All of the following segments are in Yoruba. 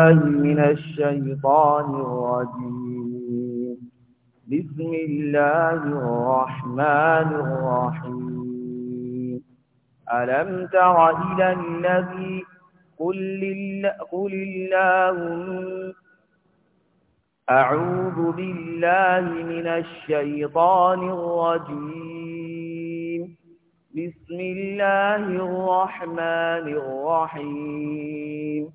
من الشيطان الرجيم بسم الله الرحمن الرحيم ألم تر إلى الذي قل, قل الله أعوذ بالله من الشيطان الرجيم بسم الله الرحمن الرحيم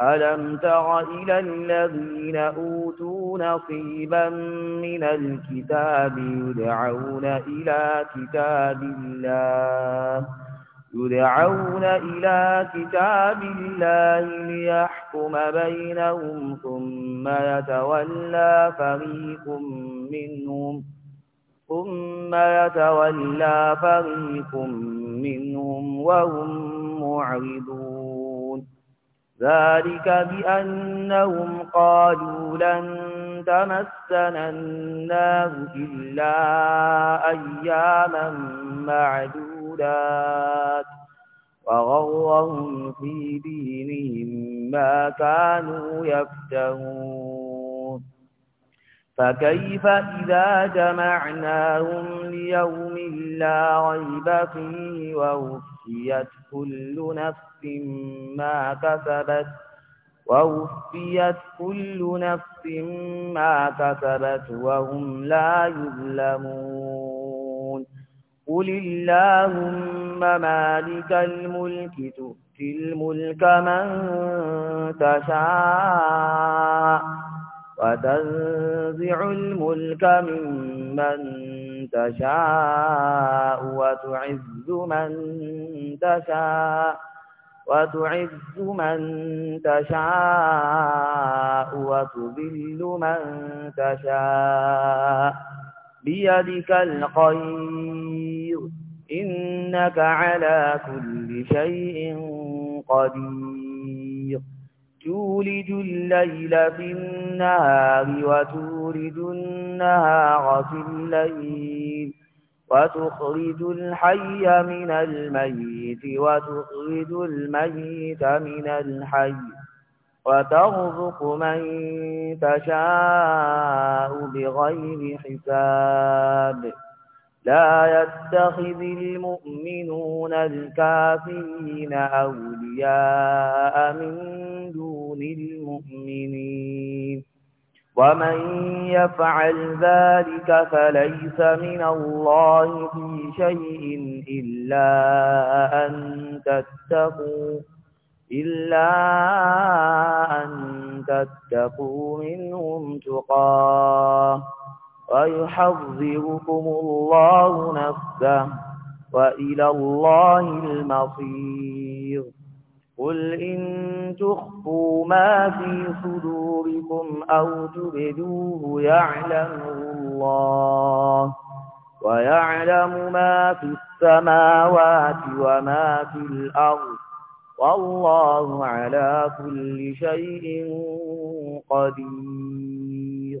ألم تر إلى الذين أوتوا نصيبا من الكتاب يدعون إلى كتاب الله يدعون إلى كتاب الله ليحكم بينهم ثم يتولى فريق منهم ثم يتولى فريق منهم وهم معرضون ذلك بأنهم قالوا لن تمسنا النار إلا أياما معدودات وغرهم في دينهم ما كانوا يفتهون فكيف إذا جمعناهم ليوم لا ريب فيه ووفيت كل نفس ما كسبت ووفيت كل نفس ما كسبت وهم لا يظلمون قل اللهم مالك الملك تؤتي الملك من تشاء وتنزع الملك ممن تشاء وتعز من تشاء وتعز من تشاء وتذل من تشاء بيدك الخير إنك على كل شيء قدير تولج الليل في النهار وتولج النهار في الليل وتخرج الحي من الميت وتخرج الميت من الحي وترزق من تشاء بغير حساب لا يتخذ المؤمنون الكافرين أولياء من دون المؤمنين ومن يفعل ذلك فليس من الله في شيء إلا أن تتقوا إلا أن تتقوا منهم تقاه ويحذركم الله نفسه وإلى الله المصير قل إن تخفوا ما في صدوركم أو تبدوه يعلمه الله ويعلم ما في السماوات وما في الأرض والله على كل شيء قدير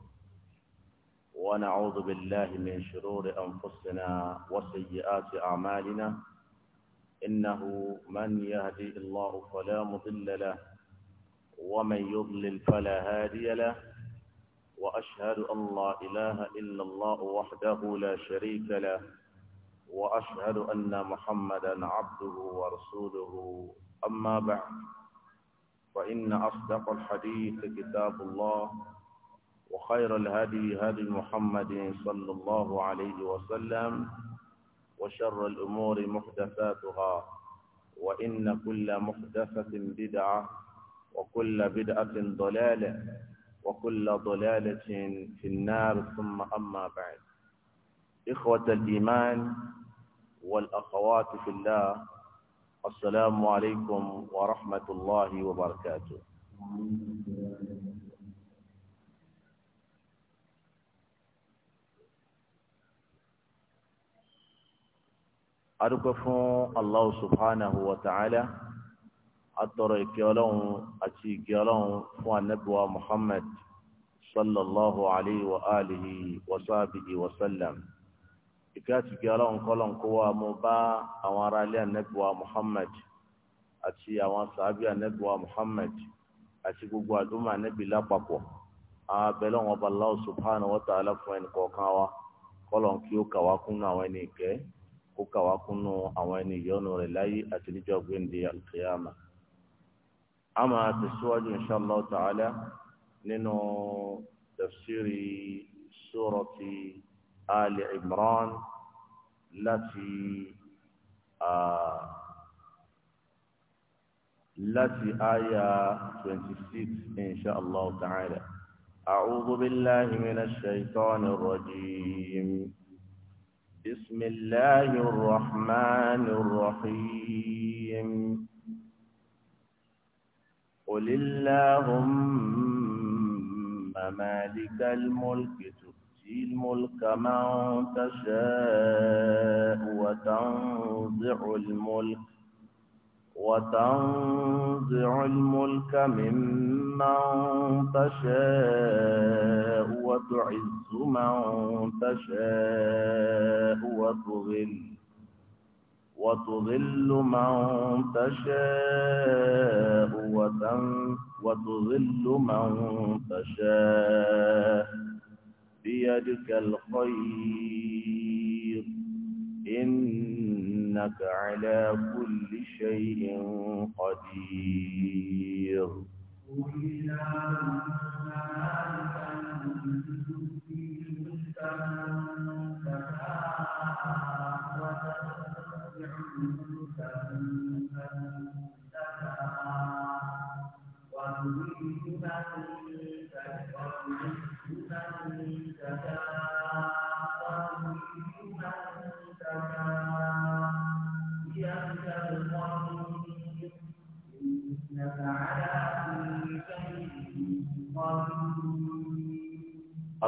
ونعوذ بالله من شرور أنفسنا وسيئات أعمالنا إنه من يهدي الله فلا مضل له ومن يضلل فلا هادي له وأشهد أن لا إله إلا الله وحده لا شريك له وأشهد أن محمدا عبده ورسوله أما بعد فإن أصدق الحديث كتاب الله وخير الهدي هدي محمد صلى الله عليه وسلم وشر الأمور محدثاتها وإن كل محدثة بدعة وكل بدعة ضلالة وكل ضلالة في النار ثم أما بعد إخوة الإيمان والأخوات في الله السلام عليكم ورحمة الله وبركاته adúpẹ́ fún allah subhanahu wa ta'ala atọrọ ìkẹ́ ọlọ́run àti ìkẹ́ ọlọ́run fún anabiwa muhammad sallallahu alayhi wa alihi wa sábìhi wa sallam ìkẹ́ àti ìkẹ́ ọlọ́run kọ́lọ́n kó wa mú bá àwọn ará ilé anabiwa muhammad àti àwọn sàábì anabiwa muhammad àti gbogbo àdúmọ̀ anabi lápapọ̀ àwọn abẹ́lẹ́ wọn bá allah subhanahu wa ta'ala fún ẹnì kọ̀ọ̀kan wa kọ́lọ́n kí ó kà wá kún àwọn ẹni ìkẹ́ kó kàwá kúnnú àwọn ẹni ìyọ́nú rẹ̀ láyé àti níjọ́ gbéǹde alkiyama a máa tẹ̀síwájú inṣàlá ta'ala nínú tafsiri surati ali imran láti láti àyà 26 inṣàlá ta'ala أعوذ بالله من الشيطان الرجيم بسم الله الرحمن الرحيم قل اللهم مالك الملك تؤتي الملك من تشاء وتنزع الملك وتنزع الملك ممن تشاء وتعز من تشاء وتغل وتظل من تشاء وتظل من تشاء بيدك الخير إن إنك على كل شيء قدير Thank you.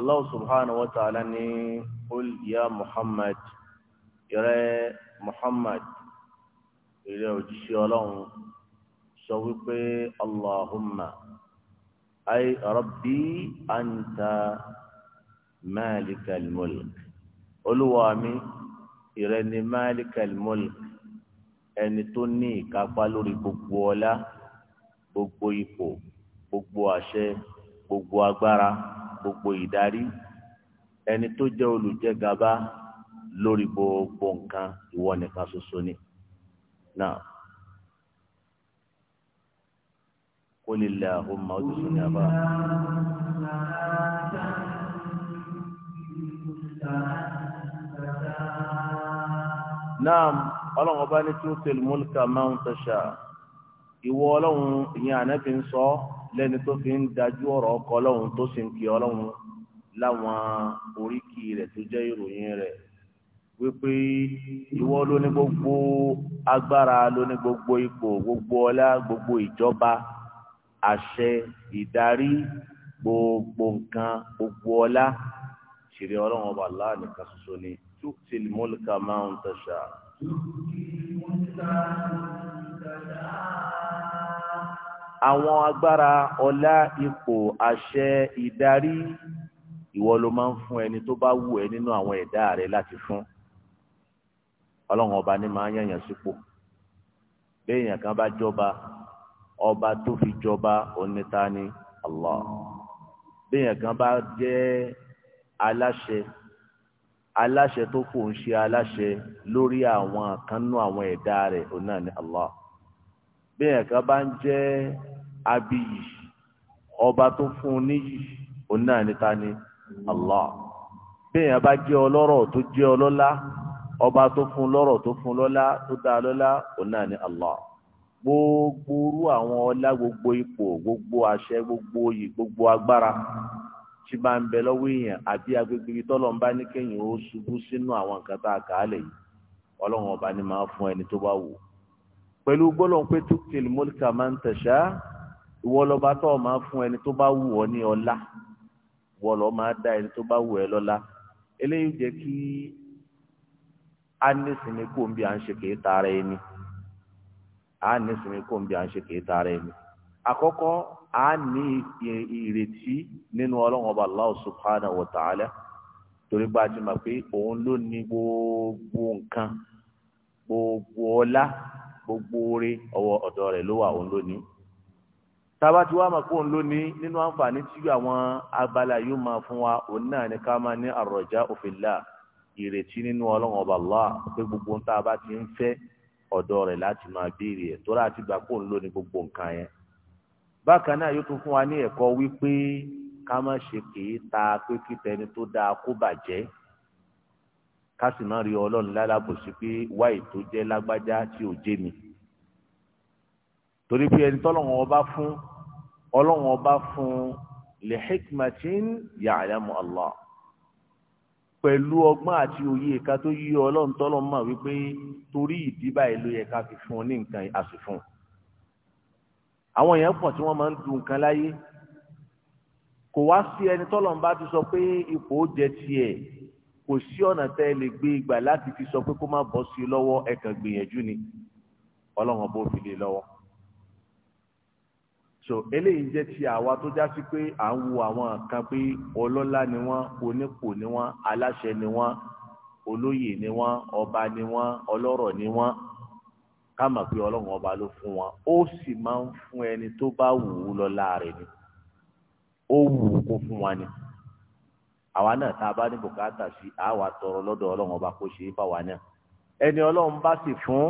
allah subhanahu wa ta'ala ní qul ya muhammad yẹrẹ muhammad ìrẹ òjíṣẹ́ ọlọ́run sọ wípé allahumma ay rabbi anta malikal mulk olúwa mi ìrẹ ni malikal mulk ẹni tó ní ìkápá lórí gbogbo ọlá gbogbo ipò gbogbo àṣẹ gbogbo agbára gbogbo ìdarí ẹni tó jẹ́ olùjẹgàba lórí gbogbo nǹkan ìwọ nìkan ṣoṣo ni náà kólélẹ àwọn ọmọ ọdún sọ ní abá. naam ọlọ́run ọba ní tí ó tẹ̀lé mọ́lìkà máa ń tẹ̀sà ìwọ ọlọ́run ìyẹn ànábì sọ ọ́ lẹ́ni tó fi ń dájú ọ̀rọ̀ ọkọ ọlọ́run tó sì ń kí ọlọ́run láwọn oríkì rẹ̀ tó jẹ́ ìròyìn rẹ̀ wípé ìwọ ló ní gbogbo agbára ló ní gbogbo ipò gbogbo ọlá gbogbo ìjọba àṣẹ ìdarí gbogbo nǹkan gbogbo ọlá ṣèrè ọlọ́run ọba aláà nìkan ṣoṣo ni tuktil mulka máa máa ń tẹ̀sà àwọn agbára ọlá ipò àṣẹ ìdarí ìwọ ló máa ń fún ẹni tó bá wù ẹ nínú àwọn ẹ̀dá rẹ láti fún ọlọ́run ọba ni máa ń yàyàn sípò béèyàn kan bá jọba ọba tó fi jọba oníta ni Allah béèyàn kan bá jẹ́ aláṣẹ aláṣẹ tó fò ń ṣe aláṣẹ lórí àwọn kan àwọn ẹ̀dá rẹ̀ òun náà ni Allah béèyàn kan bá ń jẹ́ abi abiyì ọba tó fún un níyì òun náà ni Allah béèyàn bá jẹ́ ọlọ́rọ̀ tó jẹ́ ọlọ́lá ọba tó fún lọ́rọ̀ tó fún lọ́lá tó dá lọ́lá òun náà ni Allah gbogbo orú àwọn ọlá gbogbo ipò gbogbo àṣẹ gbogbo oyè gbogbo agbára tí bá ń bẹ lọ́wọ́ èèyàn àbí agbègbè tọ́lọ́n bá ní kéèyàn ó ṣubú sínú àwọn nǹkan tá a kà á lẹ̀ yìí ọlọ́run ọba ni máa fún ẹni tó bá wù pẹ̀lú gbólóhùn pé tuktil mulka man tasha ìwọ lọba tó o máa fún ẹni tó bá wù ọ ní ọlá ìwọ lọ máa dá ẹni tó bá wù ẹ lọ́lá eléyìí jẹ́ kí a nísìnyí kó n bí à ń ṣe kìí taara ẹni a nísìnyí kó n bí à ń ṣe kìí taara ẹni àkọ́kọ́ a ní ìrètí nínú Ọlọ́run ọba Allah subhanahu wa ta'ala torí bá a ti mọ̀ pé òun ló ní gbogbo nǹkan gbogbo ọlá gbogbo oore ọwọ́ ọ̀dọ̀ rẹ̀ ló wà òun ló ní tába tí wàá máa kó ń lónìí nínú àǹfààní tí àwọn abala yóò máa fún wa òun náà ni ká máa ní àròjà òfìlà ìrètí nínú ọlọ́run ọba Allah pé gbogbo tá a bá ti ń fẹ́ ọ̀dọ̀ rẹ̀ láti máa béèrè ẹ̀ tó láti gbà kó lónìí gbogbo nǹkan yẹn. bákan náà yóò tún fún wa ní ẹ̀kọ́ wípé ká má ṣe kì ta pé kí tẹni tó dáa kó bàjẹ́ ká sì má rí ọlọ́run lálábòsí pé wáì tó jẹ́ lágbájá tí ò jẹ́ mi torí bí ẹni tọ́lọ́run ọba fún ọlọ́run ọba fún lè hikmatin ya'lamu Allah pẹ̀lú ọgbọ́n àti òye ẹ̀ka tó yí ọlọ́run tọ́lọ́ mọ̀ wípé torí ìdí báyìí ló yẹ ká fi fún un ní nǹkan àsìfún. àwọn èèyàn pọ̀ tí wọ́n máa ń du nǹkan láyé kò wá sí ẹni tọ́lọ̀ bá ti sọ pé ipò ó jẹ tiẹ̀ kò sí ọ̀nà tẹ́ lè gbé ìgbà láti fi sọ pé kó má bọ́ sí i lọ́wọ́ ẹ̀kan gbìyànjú ni ọlọ́run bó fi lè lọ́wọ́ so eléyìí jẹ́ ti àwa tó já sí pé à ń wo àwọn kan pé ọlọ́lá ni wọ́n onípò ni wọ́n aláṣẹ ni wọ́n olóyè ni wọ́n ọba ni wọ́n ọlọ́rọ̀ ni wọ́n ká mọ̀ pé ọlọ́run ọba ló fún wọn ó sì máa ń fún ẹni tó bá wù ú lọ́lá rẹ̀ ni ó wù ú kó fún wọn ni àwa náà tá a bá ní bùkátà sí àwa tọrọ lọ́dọ̀ ọlọ́run ọba kó ṣe é fáwa náà ẹni ọlọ́run bá sì fún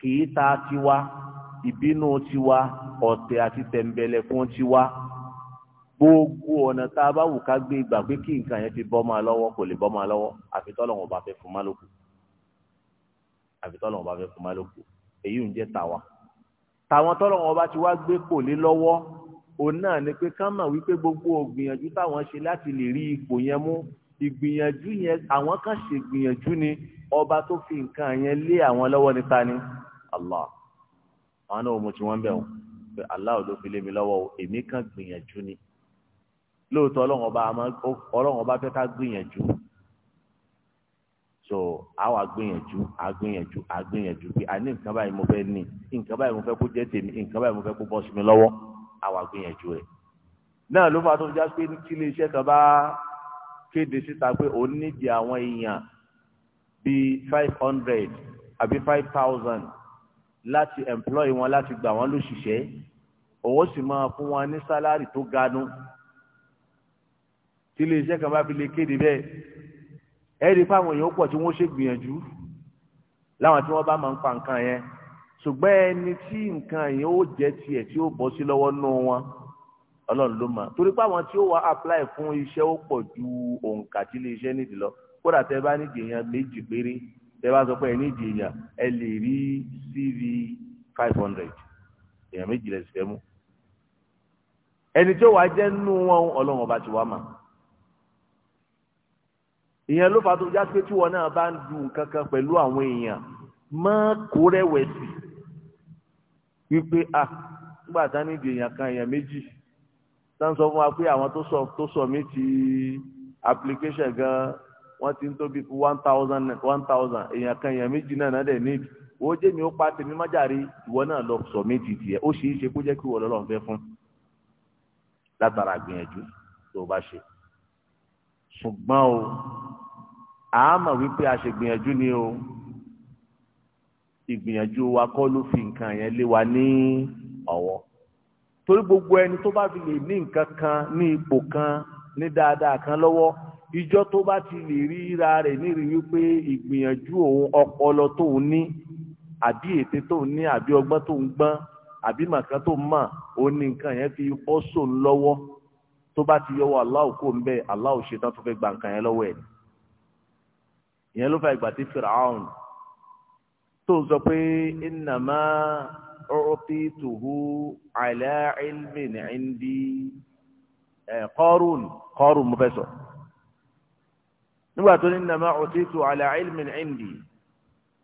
kì í ta tiwa ìbínú tiwa ọ̀tẹ̀ àti tẹ̀m̀bẹ̀lẹ̀ fún ti wá gbogbo ọ̀nà tá a bá wù ká gbé ìgbà pé kí nǹkan yẹn ti bọ́ máa lọ́wọ́ kò lè bọ́ máa lọ́wọ́ àfi tọ́lọ́run ọba fẹ́ fún málòkù àfi tọ́lọ́run ọba fẹ́ fún málòkù èyí ń jẹ́ tàwa tàwọn tọ́lọ́run ọba ti wá gbé kò lé lọ́wọ́ òun náà ni pé kán mọ̀ wípé gbogbo ògbìyànjú táwọn ṣe láti lè rí ipò yẹn mú ìgbìyànjú yẹn àwọn kan ṣe ìgbìyànjú ni ọba tó fi nǹkan yẹn lé àwọn lọ́wọ́ níta ni Allah àwọn náà mo ti wọ́n bẹ̀ wọ́n pé aláwo ló fi lé mi lọ́wọ́ o èmi kàn gbìyànjú ni lóòótọ́ ọlọ́run ọba àmọ́ ọlọ́run ọba fẹ́ ká gbìyànjú so àwa gbìyànjú àgbìyànjú àgbìyànjú pé àní nǹkan báyìí mo fẹ́ ní nǹkan báyìí mo fẹ́ kó jẹ́ tèmi nǹkan báyìí mo fẹ́ kó bọ́ sí mi lọ́wọ́ àwa gbìyànjú rẹ̀ náà ló fà tó já pé kí ilé iṣẹ́ kan bá kéde síta pé òun nídìí àwọn èèyàn bíi five hundred àbí five thousand láti employ wọn láti gbà wọn lóṣìṣẹ́ òun ó sì máa fún wọn ní sálárì tó ga nù tí iléeṣẹ́ kan bá fi lè kéde bẹ́ẹ̀ ẹ rí i fáwọn èèyàn pọ̀ tí wọ́n ṣe gbìyànjú láwọn tí wọ́n bá máa ń pa nǹkan yẹn ṣùgbọ́n ẹni tí nǹkan yẹn ó jẹ́ tiẹ̀ tí ó bọ́ sí lọ́wọ́ nù wọn ọlọ́run ló mọ̀ torí pé àwọn tí ó wá apply fún iṣẹ́ ó pọ̀ ju òǹkà tí iléeṣẹ́ nídìí lọ kódà tẹ bá nídìí èèyàn méjì péré tẹ bá sọ pé ẹ nídìí èèyàn ẹ lè rí CV five hundred èèyàn méjì lẹ́sìn mú ẹni tí ó wàá jẹ́ nínú wọn ọlọ́run ọba ti wá mà ìyẹn ló fà tó já pé tí wọn náà bá ń du nǹkan kan pẹ̀lú àwọn èèyàn má kó rẹ̀wẹ̀sì wípé a nígbà tá ní di èèyàn kan èèyàn méjì tá ń sọ fún wa pé àwọn tó sọ tó sọ mí ti application gan wọ́n ti ń tóbi one thousand one thousand èèyàn kan èèyàn méjì náà náà dẹ̀ níbi wọ́n jẹ́ mi ó pa tèmi májàre ìwọ náà lọ sọ mí ti tiẹ̀ ó ṣeé ṣe kó jẹ́ kí ìwọ lọ́lọ́run fẹ́ fún látara gbìyànjú tó bá ṣe ṣùgbọ́n o a mọ̀ wípé a ṣe gbìyànjú ni o ìgbìyànjú wa kọ́ ló fi nǹkan yẹn lé wa ní ọ̀wọ́ torí gbogbo ẹni tó bá fi lè ní nǹkan kan ní ipò kan ní dáadáa kan lọ́wọ́ ìjọ tó bá ti lè ríra rẹ̀ nírì wípé ìgbìyànjú òun ọpọlọ tóun ní àbí ète tóun ní àbí ọgbọ́n tóun gbọ́n àbí màkàn tó mà ó ní nǹkan yẹn fi bọ́ sòun lọ́wọ́ tó bá ti yọwọ́ aláwọ̀ kó ń bẹ́ aláwọ̀ ṣetán tó fẹ́ gba nǹkan yẹn lọ́wọ́ ẹ̀ ìyẹn ló fa ìgbà tí firaun tó ń sọ pé innama u'tituhu ala ilmin indi ẹ̀ Qarun Qarun mo fẹ́ sọ nígbà tó ní innama u'tituhu ala ilmin indi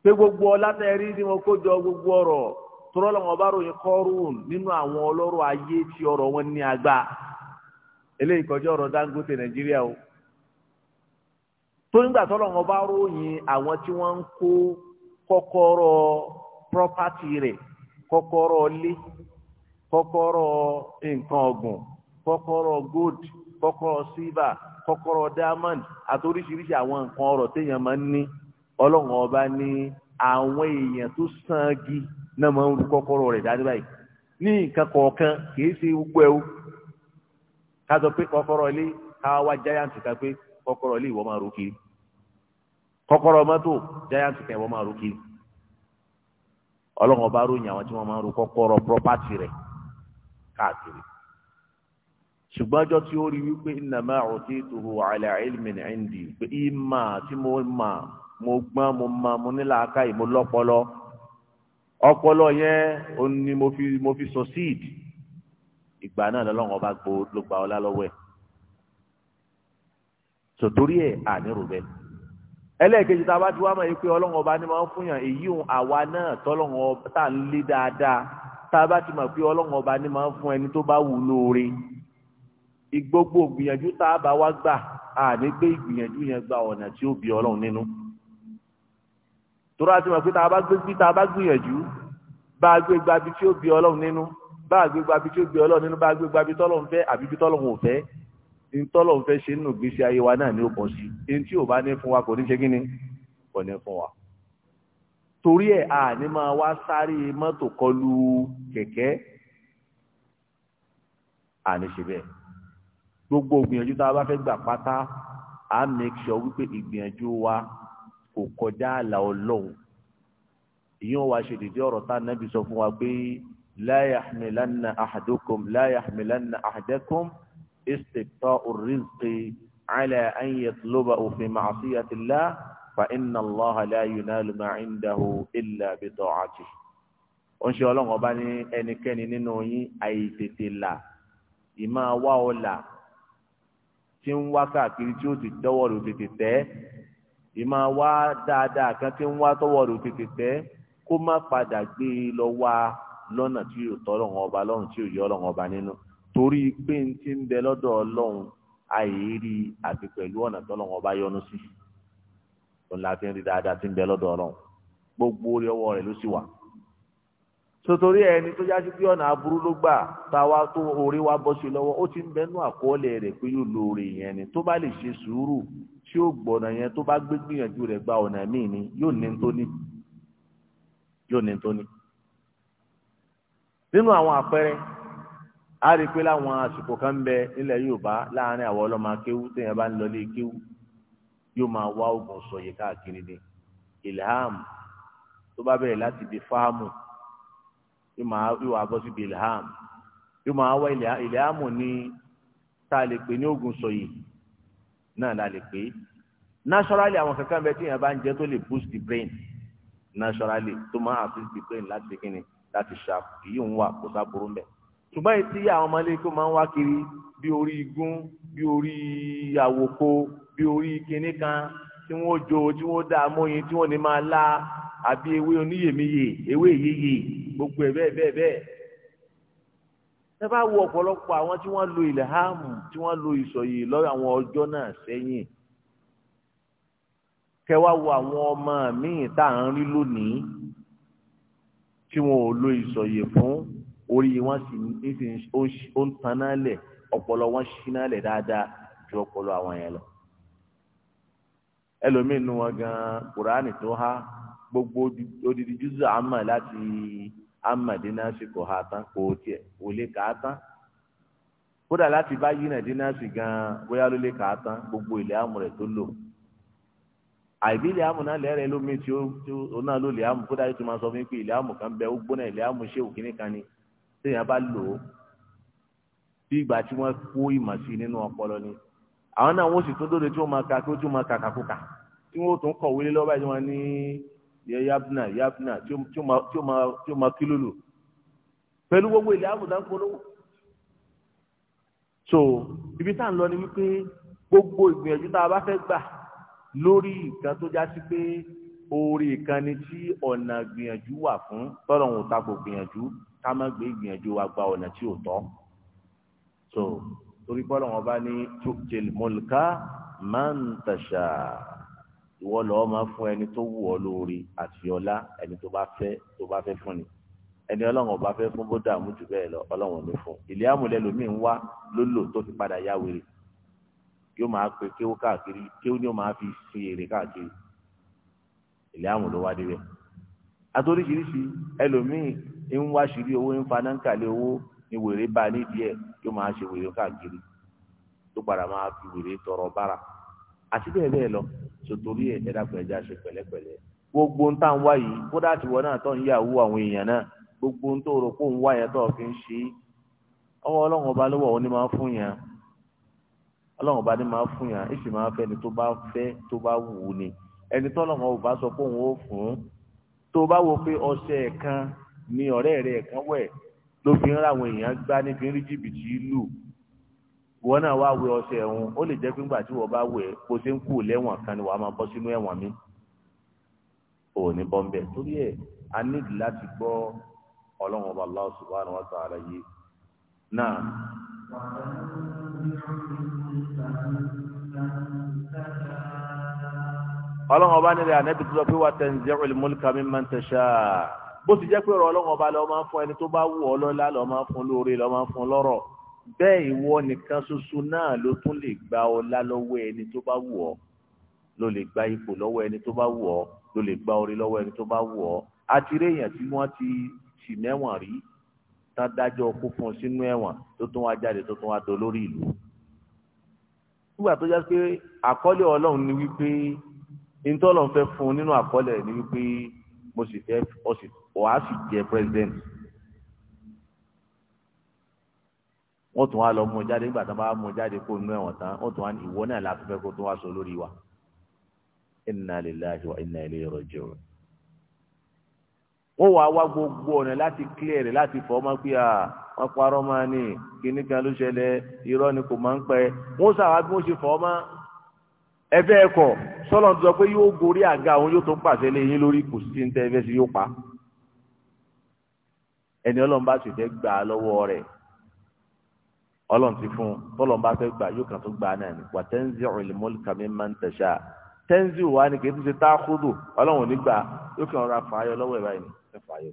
pé gbogbo ọlá tẹ́ ni mo kó jọ gbogbo ọ̀rọ̀ tọ́rọ́ lọ́wọ́ bá ròyìn kọ́rùn nínú àwọn ọlọ́rọ̀ ayé tí ọ̀rọ̀ wọn ní agbá eléyìí kọjá ọ̀rọ̀ Dangote Nàìjíríà o tó nígbà tọ́rọ́ lọ́wọ́ bá ròyìn àwọn tí wọ́n ń kó kọ́kọ́rọ́ property rẹ̀ kọ́kọ́rọ́ ilé kọ́kọ́rọ́ nǹkan ọ̀gbìn kọ́kọ́rọ́ gold kọ́kọ́rọ́ silver kọ́kọ́rọ́ diamond àti oríṣiríṣi àwọn nǹkan ọ̀rọ̀ téèyàn máa ń ní ọlọ́run ọba ní àwọn èèyàn tó sangi náà máa ń ru kọ́kọ́rọ́ rẹ̀ dájú báyìí ní nǹkan kọ̀ọ̀kan kìí ṣe gbogbo ẹ̀ o ká sọ pé kọ́kọ́rọ́ ilé ká wá giant ká pé kọ́kọ́rọ́ ilé ìwọ máa ro kiri kọ́kọ́rọ́ mọ́tò giant ìwọ máa tí wọ́n máa ń ro kọ́kọ́rọ́ wípé ala pé ìmà tí mo mo gbọ́n mo mọ mo ní làákàyè mo lọ́pọlọ ọpọlọ yẹn ó ní mo fi mo fi succeed ìgbà náà lọ́lọ́run ọba gbó ló gba ọlá lọ́wọ́ ẹ̀ sòtórí ẹ̀ ànírò bẹ́ẹ̀ ẹlẹ́ẹ̀kejì tá a bá ti wá mọ̀ yìí pé ọlọ́run ọba ni máa ń fúnyàn èyí òun àwa náà tọ́lọ́run ọba tá à ń lé dáadáa tá a bá ti mọ̀ pé ọlọ́run ọba ni máa fún ẹni tó bá wù lóore ìgbógbó gbìyànjú tá a bá wá gbà àní gbé ìgbìyànjú yẹn gba ọ̀nà tí ó bí ọlọ́run nínú torí a ti mọ̀ pé tá a bá gbé bí tá a bá gbìyànjú bá a gbé gbabi tí ó bí ọlọ́run nínú bá a gbé gbabi tí ó bí ọlọ́run nínú bá a gbé gbabi tọ́lọ́run fẹ́ àbí bí tọ́lọ́run ò fẹ́ ní tọ́lọ́run fẹ́ ṣe nínú ìgbésí ayé wa náà ni ó bọ̀ sí ní tí ò bá ní fún wa kò ní ṣe kí ni kò ní fún wa. torí ẹ̀ a ní máa wá sáré mọ́tò kọlu kẹ̀kẹ́ a ní ṣe bẹ́ẹ̀ gbogbo ìgbìyànjú tá a bá fẹ́ gbà pátá a make sure wípé ìgbìyànjú wa kò kọjá àlà ọlọ́run èyí wọn wá ṣe dédé ọ̀rọ̀ tá nàbì sọ fún wa pé la yahmilanna ahadukum la yahmilanna ahadakum istibta'u rizqi ala an yatlubahu fi ma'siyatillah fa inna allaha la yunalu ma indahu illa bi ta'atihi ó ń ṣe ọlọ́run ọba ní ẹnikẹ́ni nínú yín àìtètè là ìmáa wá ọ̀la tí ń wá káàkiri tí ó ti dọ́wọ́ lò tètè tẹ́ ìmọ̀ wá dáadáa kan tí ń wá tọwọ́ rẹ̀ tètè tẹ́ kó má padà gbé e lọ wá lọ́nà tí yóò tọ́ ọba lọ́run tí yóò yọ ọlọ́run ọba nínú torí pé n ti ń bẹ lọ́dọ̀ ọlọ́run àìrí àti pẹ̀lú ọ̀nà ọba yọnu sí òun la fi ń rí ti ń bẹ lọ́dọ̀ gbogbo orí ọwọ́ rẹ̀ ló sì wà sotori ẹni tó yá sí pé ọ̀nà wa bọ́ sí lọ́wọ́ ó ti ń tí ó gbọ̀nà yẹn tó bá gbé gbìyànjú rẹ̀ gba ọ̀nà míì ni yóò ní tó ní yóò ní tó ní. nínú àwọn àpẹẹrẹ a rí i pé láwọn àsìkò kan ń bẹ nílẹ̀ Yorùbá láàárín àwọn ọlọ́mọ akéwú téèyàn bá ń lọ lé kéwú yóò máa wá oògùn sọ̀yẹ káàkiri ni ilham tó bá bẹ̀rẹ̀ láti di fáàmù yóò máa yóò síbi ilham yóò máa wá ilhamu ní tá a lè pè ní oògùn sọ̀yẹ náà la lè pè é naturally àwọn kankan bẹ tí èèyàn bá ń jẹ tó lè boost the brain naturally tó máa assist the brain láti ṣe kíni láti sharp èyí ń wà kó sábúrú mbẹ ṣùgbọ́n etí àwọn ọmọ ilé tó máa ń wá kiri bí orí igun bí orí àwòko bí orí kinní kan tí wọ́n jó tí wọ́n dá amóyin tí wọ́n ní máa lá àbí ewé oníyèméyè ewé yíyè gbogbo ẹ̀ bẹ́ẹ̀ bẹ́ẹ̀ bẹ́ẹ̀ ẹ bá wo ọ̀pọ̀lọpọ̀ àwọn tí wọ́n lo ìlẹ̀háàmù tí wọ́n lo ìsọ̀yè lọ́wọ́ àwọn ọjọ́ náà sẹ́yìn kẹ wá wo àwọn ọmọ míì tá à ń rí lónìí tí wọn ò lo ìsọ̀yè fún orí wọn sì ó ń taná lẹ̀ ọpọlọ wọn ṣínà lẹ̀ dáadáa ju ọpọlọ àwọn yẹn lọ ẹlòmíín wọn gan kùránì tó há gbogbo odidi júzà àmà láti amadinasi kò ha tán kò tiẹ̀ kò lè kà á tán kódà láti bá yí nàdínàsì gan bóyá ló lè kà á tán gbogbo ilẹ̀ amú rẹ̀ tó lò àìbí ilẹ̀ amú náà lẹ́rẹ̀ẹ́ lómi tí ó náà ló ilẹ̀ amú kódà yóò tún máa sọ fún mi pé ilẹ̀ amú kan bẹ ó gbóná ilẹ̀ amú ṣé òkínní kan ni téèyàn bá lò ó bí ìgbà tí wọ́n kó ìmọ̀ sí nínú ọpọlọ ni àwọn náà wọ́n sì tó dóde tí wọ́n máa ka kí ó tún máa kàkàkùkà tí wọ́n tún kọ̀wé lọ́wọ́ báyìí wọ́n ní yẹ yabna yabna tí ó máa tí ó máa tí ó máa kí lólu pẹ̀lú gbogbo ilẹ̀ àbùdá ń polówó. so ibi tá à ń lọ ni wípé gbogbo ìgbìyànjú tá a bá fẹ́ gbà lórí nǹkan tó já sí pé orí ìkànnì tí ọ̀nà gbìyànjú wà fún tọ́lọ̀ ń takò gbìyànjú ká má gbé gbìyànjú wa gba ọ̀nà tí ò tọ́. so torí bọ́lá wọn bá ní tó jẹlmọ́lùká máa ń tàṣà ìwọ lọ́ọ́ máa fún ẹni tó wù ọ́ lórí àti ọlá ẹni tó bá fẹ́ tó bá fẹ́ fún ni ẹni ọlọ́run ọba fẹ́ fún bó dààmú jù bẹ́ẹ̀ lọ ọlọ́run ní fún ilé amúlẹ̀ lómi ń wá lólò tó fi padà yá wèrè yóò máa pe kéwó káàkiri kéwó ni ó máa fi ṣe èrè káàkiri ilé amú ló wá débẹ̀ àtòríṣiríṣi ẹlòmíì ń wá ṣìírí owó ń fa náǹkàlẹ̀ owó ni wèrè bá nídìí ẹ̀ yóò máa ṣe wèrè káàkiri tó padà máa fi wèrè tọrọ bára àti bẹ́ẹ̀ bẹ́ẹ̀ lọ sotori ẹ ẹdá pẹlẹ já ṣe pẹ̀lẹ́pẹ̀lẹ́ gbogbo ń tà ń wá yìí kódà tí wọn náà tó ń yà wú àwọn èèyàn náà gbogbo ń tó rò pé ń wá yẹn tó fi ń ṣe ọwọ́ Ọlọ́run ọba lọ́wọ́ òun ni máa fún yẹn Ọlọ́run ọba ni máa fún yẹn èsì máa fẹ́ ni tó bá fẹ́ tó bá wù ú ni ẹni tó Ọlọ́run ọba sọ pé òun ó fún tó bá wo pé ọṣẹ kan ni ọ̀rẹ́ rẹ̀ kan wẹ̀ ló fi ń ra àwọn èèyàn gbá ní ń rí jìbìtì lù wọn náà wá wẹ ọṣẹ ẹ̀hún ó lè jẹ́ pé ńgbà tí wọ́n bá wẹ̀ kó ṣe ń kú lẹ́wọ̀n kan ni wàá máa bọ́ sínú ẹ̀wọ̀n mi ò ní bọ́ ń bẹ̀ torí ẹ̀ a nídìí láti gbọ́ ọlọ́run ọba Allah subhanahu wa ta'ala yìí náà. ọlọ́run ọba nílẹ̀ ànẹ́bí tó sọ pé wà tanzi'ul mulka mimman tasha bó ti jẹ́ pé ọ̀rọ̀ ọlọ́run ọba lọ́ọ́ máa ń fún ẹni tó bá wù ọ́ lọ́lá lọ́ọ́ máa ń fún lóore lọ́ọ́ máa ń fún lọ́rọ̀ bẹ́ẹ̀ ìwọ nìkan ṣoṣo náà ló tún lè gba ọlá lọ́wọ́ ẹni tó bá wù ọ́ ló lè gba ipò lọ́wọ́ ẹni tó bá wù ọ́ ló lè gba orí lọ́wọ́ ẹni tó bá wù ọ́ àti réèyàn tí wọ́n ti sì mẹ́wọ̀n rí tán dájọ́ kó fún un sínú ẹ̀wọ̀n tó tún wá jáde tó tún wá do lórí ìlú. nígbà tó já pé àkọlé ọlọ́run ni wípé ntọ́lọ́run fẹ́ fún un nínú àkọlé ni wípé mo sì fẹ́ ọ sì jẹ́ president wọ́n tún wá lọ mú jáde nígbà tán bá mú jáde kó nú ẹ̀wọ̀n tán wọ́n tún wá ìwọ náà la fẹ́ kó tún wá sọ lórí wa inna lillahi wa inna ilayhi raji'un. wọ́n wàá wá gbogbo ọ̀nà láti clear rẹ̀ láti fọ́ ọmọ pé wọ́n parọ́ máa ní kíní kan ló ṣẹlẹ̀ irọ́ ni kò máa ń pẹ́ wọ́n sàwá bí wọ́n ṣe fọ́ ọmọ ẹfẹ́ ẹ̀kọ́ sọ́lọ́ ń sọ pé yóò gorí àga òun yóò tún pàṣẹ lẹ́yìn lórí kò sí ní tẹ́ ẹfẹ́ sí yóò pa ẹni ọlọ́run bá sì fẹ́ gbà á lọ́wọ́ rẹ̀ ọlọ́run ti fún un tọ́lọ́run bá fẹ́ gbà yóò kàn tó gbà náà ni wà tẹ́ńzì ọ̀lẹ́mọ́lì kàmí máa ń tẹ̀sà tẹ́ńzì wà ní kí ètùtù tá a kú dò ọlọ́run ò ní gbà yóò kàn ra fàáyọ lọ́wọ́ ẹ̀ báyìí ẹ fàáyọ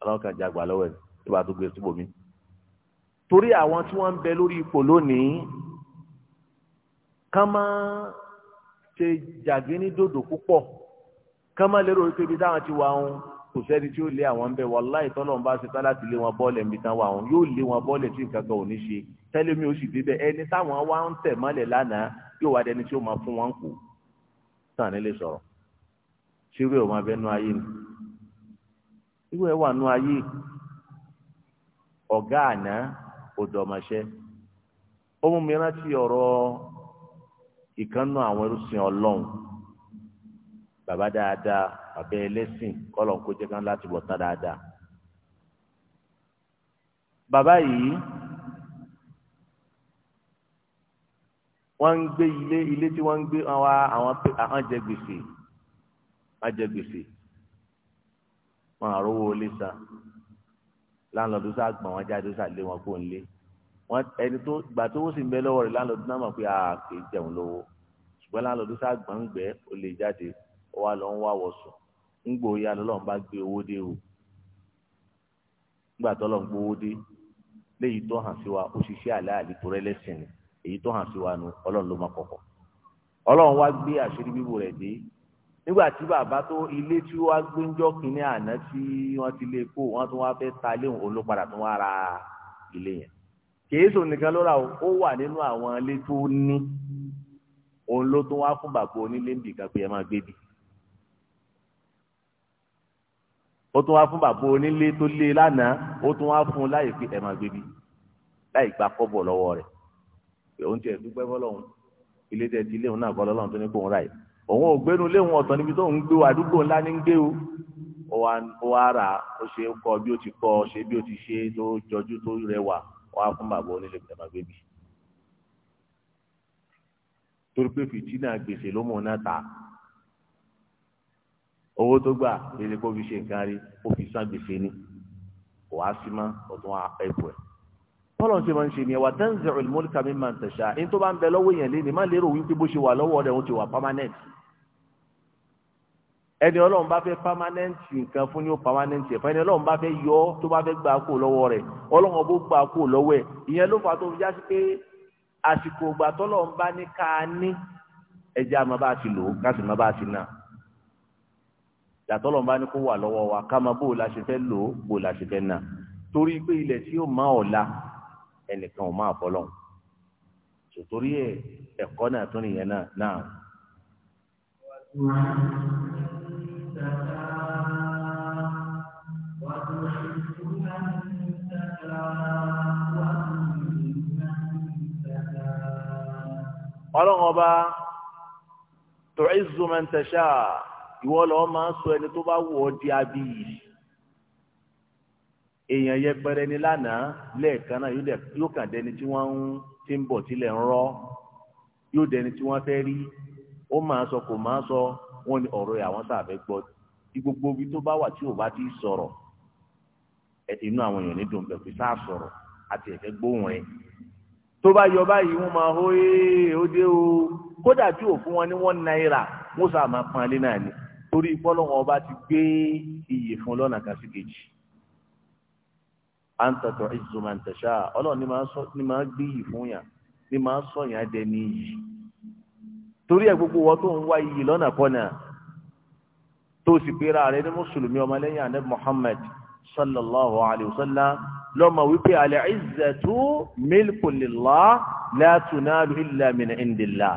ọlọ́run kàn já gbà lọ́wọ́ ẹ̀ tó bá tó gbé túbò mí. torí àwọn tí wọ́n ń bẹ lórí ipò lónìí kán máa ṣe jàgínní dòdò púpọ̀ kán máa lérò wípé ibi táwọn ti wà ń kò sẹ́ni tí ó lé àwọn ń bẹ̀ wàláì tọ́lọ́run bá ṣe tá láti lé wọn bọ́ọ̀lù ẹ̀mí tán wà wọn yóò lé wọn bọ́ọ̀lù tí nǹkan kan ò ní ṣe tẹ́lẹ̀ mi ò sì débẹ̀ ẹni táwọn wá ń tẹ̀ mọ́lẹ̀ lánàá yóò wá dẹni tí ó máa fún wọn kù tàn ní lè sọ̀rọ̀ ṣírú ẹ̀ wọn abẹ́ nú ayé ni irú ẹ̀ wà nú ayé ọ̀gá àná òdòmọ̀ṣẹ́ ó mú mi ọ̀rọ̀ ìkànnú àwọn ẹrúsìn ọlọ́run bàbá dáadáa bàbá ẹlẹ́sìn kọ́lọ̀ kó jẹ́ kán láti bọ̀ tán dáadáa. bàbá yìí wọ́n ń gbé ilé ilé tí wọ́n ń gbé àwọn àwọn jẹ gbèsè wọ́n jẹ gbèsè wọ́n àrówó ilé san láńlọ́ọ̀dù sá gbọ̀n wọ́n jáde sá lé wọn kó ń lé wọ́n ẹni tó gbà tó sì ń bẹ lọ́wọ́ rẹ̀ láńlọ́ọ̀dù náà mọ̀ pé a kì í jẹun lówó ṣùgbọ́n láńlọ́ọ̀dù sá gbọ̀n ń gbẹ́ ó lè jáde ó wá lọ ń wá wọ̀ sùn ńgbò ya lọ́lọ́run bá gbé owó dé o ńgbà tó lọ́n gbowó dé léyìí tó hàn sí wa òṣìṣẹ́ àlẹ́ àlìtò rẹ lẹ́sìn ni èyí tó hàn sí wa nu ọlọ́run ló máa kọ̀kọ̀ ọlọ́run wá gbé àṣírí bíbò rẹ̀ dé nígbà tí bàbá tó ilé tí wọ́n gbé ńjọ́ kínní àná tí wọ́n ti lè kó wọ́n tún wá fẹ́ ta léhùn olópadà tún wá ra ilé yẹn kèésò nìkan ló ra ó wà nínú àwọn ilé tó ní òun ló tún wá fún bàbá onílé ń bì kan ẹ máa gbé bì ó tún wá fún bàbá onílé tó lé lánàá ó tún wá fún un láì fi ẹ̀ máa gbébi láì gba kọ́bọ̀ lọ́wọ́ rẹ̀ òun tiẹ̀ dúpẹ́ fọlọ́hún ilé tẹ̀ ti léhùn náà kọ́lọ́lọ́hún tó ní kóhun ráì òun ò gbénu léhùn ọ̀tọ̀ níbi tó ń gbé wa àdúgbò ńlá ní ń gbé o ó wá rà ó ṣe kọ bí ó ti kọ ṣe bí ó ti ṣe tó jọjú tó rẹwà wá fún bàbá onílé ẹ̀ máa gbébi torí pé fìtínà gbèsè ló mọ̀ náà ta owó tó gbà lè kó fi ṣe nǹkan rí ó fi san gbèsè ni kò wá sí mọ́ ọ̀tún ẹ̀bù ẹ̀. pọ́lọ̀ ṣe máa ń ṣe ni ẹ̀wà tẹ́ǹsì ọ̀lùmọ́lùkà mi máa ń tẹ̀ṣà ẹni tó bá ń bẹ lọ́wọ́ èèyàn lé ní má lérò wípé bó ṣe wà lọ́wọ́ rẹ̀ òun ti wà permanent. ẹni ọlọ́run bá fẹ́ permanent nǹkan fún yóò permanent ẹ̀ fẹ́ni ọlọ́run bá fẹ́ yọ tó bá fẹ́ gbà kó lọ́wọ́ rẹ̀ ọlọ́run bó yàtọ̀lọ̀ bá ní kó wà lọ́wọ́ wa ká máa bó o la ṣe fẹ́ lò ó bó o la ṣe fẹ́ nà torí pé ilẹ̀ tí yóò má ọ̀la ẹnìkan ò má àfọlọ́hùn sòtórí ẹ̀ ẹ̀kọ́ náà tó nìyẹn náà náà. ọlọ́run ọba tu'izzu man tasha ìwọ lọ́ọ́ máa ń sọ ẹni tó bá wù ọ́ di abiyì èèyàn yẹpẹrẹ ni lánàá lẹ́ẹ̀kan náà yóò kàn dẹni tí wọ́n ń ti ń bọ̀ tilẹ̀ ń rọ́ yóò dẹni tí wọ́n fẹ́ rí ó máa sọ kò máa sọ wọ́n ní ọ̀rọ̀ yà wọ́n sàfẹ́ gbọ́ tí gbogbo ibi tó bá wà tí ò bá ti sọ̀rọ̀ inú àwọn èèyàn ní dùn bẹ̀rù sáà sọ̀rọ̀ àti ẹ̀fẹ́ gbóhùn rẹ̀ tó bá yọ báyìí wọ́n máa hó ee eh, ó dé o kódà tí ò fún wọn ní wọ́n náírà wọ́n máa pọn alẹ́ náà ni torí ìfọlọ́wọ́n ọba ti gbé iyì fún lọ́nà kásí kejì àǹtàtọ̀ ìzùmọ̀ǹtẹ̀ṣà ọlọ́run ní máa gbé iyì fún yàn ní máa sọ̀yàn adẹni iyì torí ẹ̀ gbogbo wọn tó ń wá iyì lọ́nà kọ́nà tó sì pera rẹ̀ ní mùsùlùmí ọmọlẹ́yìn anabi Muhammad sallallahu alayhi wa sallam lọ́mọ wípé alẹ́ ìzẹ̀tú mílkùnlélá látùnálù ìlàmìnà ìndìlá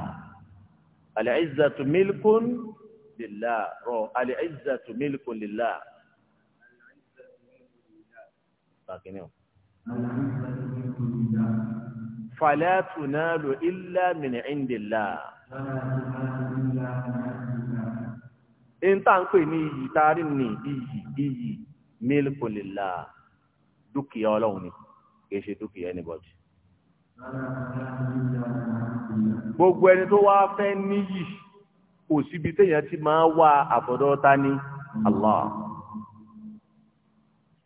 alẹ́ ìzẹ̀tú mílkùnlélá lillah rọ al-izzatu milku lillah. Bákinni o. Fala tunalu illa min indillah. Ń tà ń pè ní iyì tarí ni iyì iyì milku lillah dúkìá ọlọ́run ni kì ṣe dúkìá anybody. Gbogbo ẹni tó wá fẹ́ níyì kò síbi téèyàn ti máa wá àfọ̀dọ́ ta ni Allah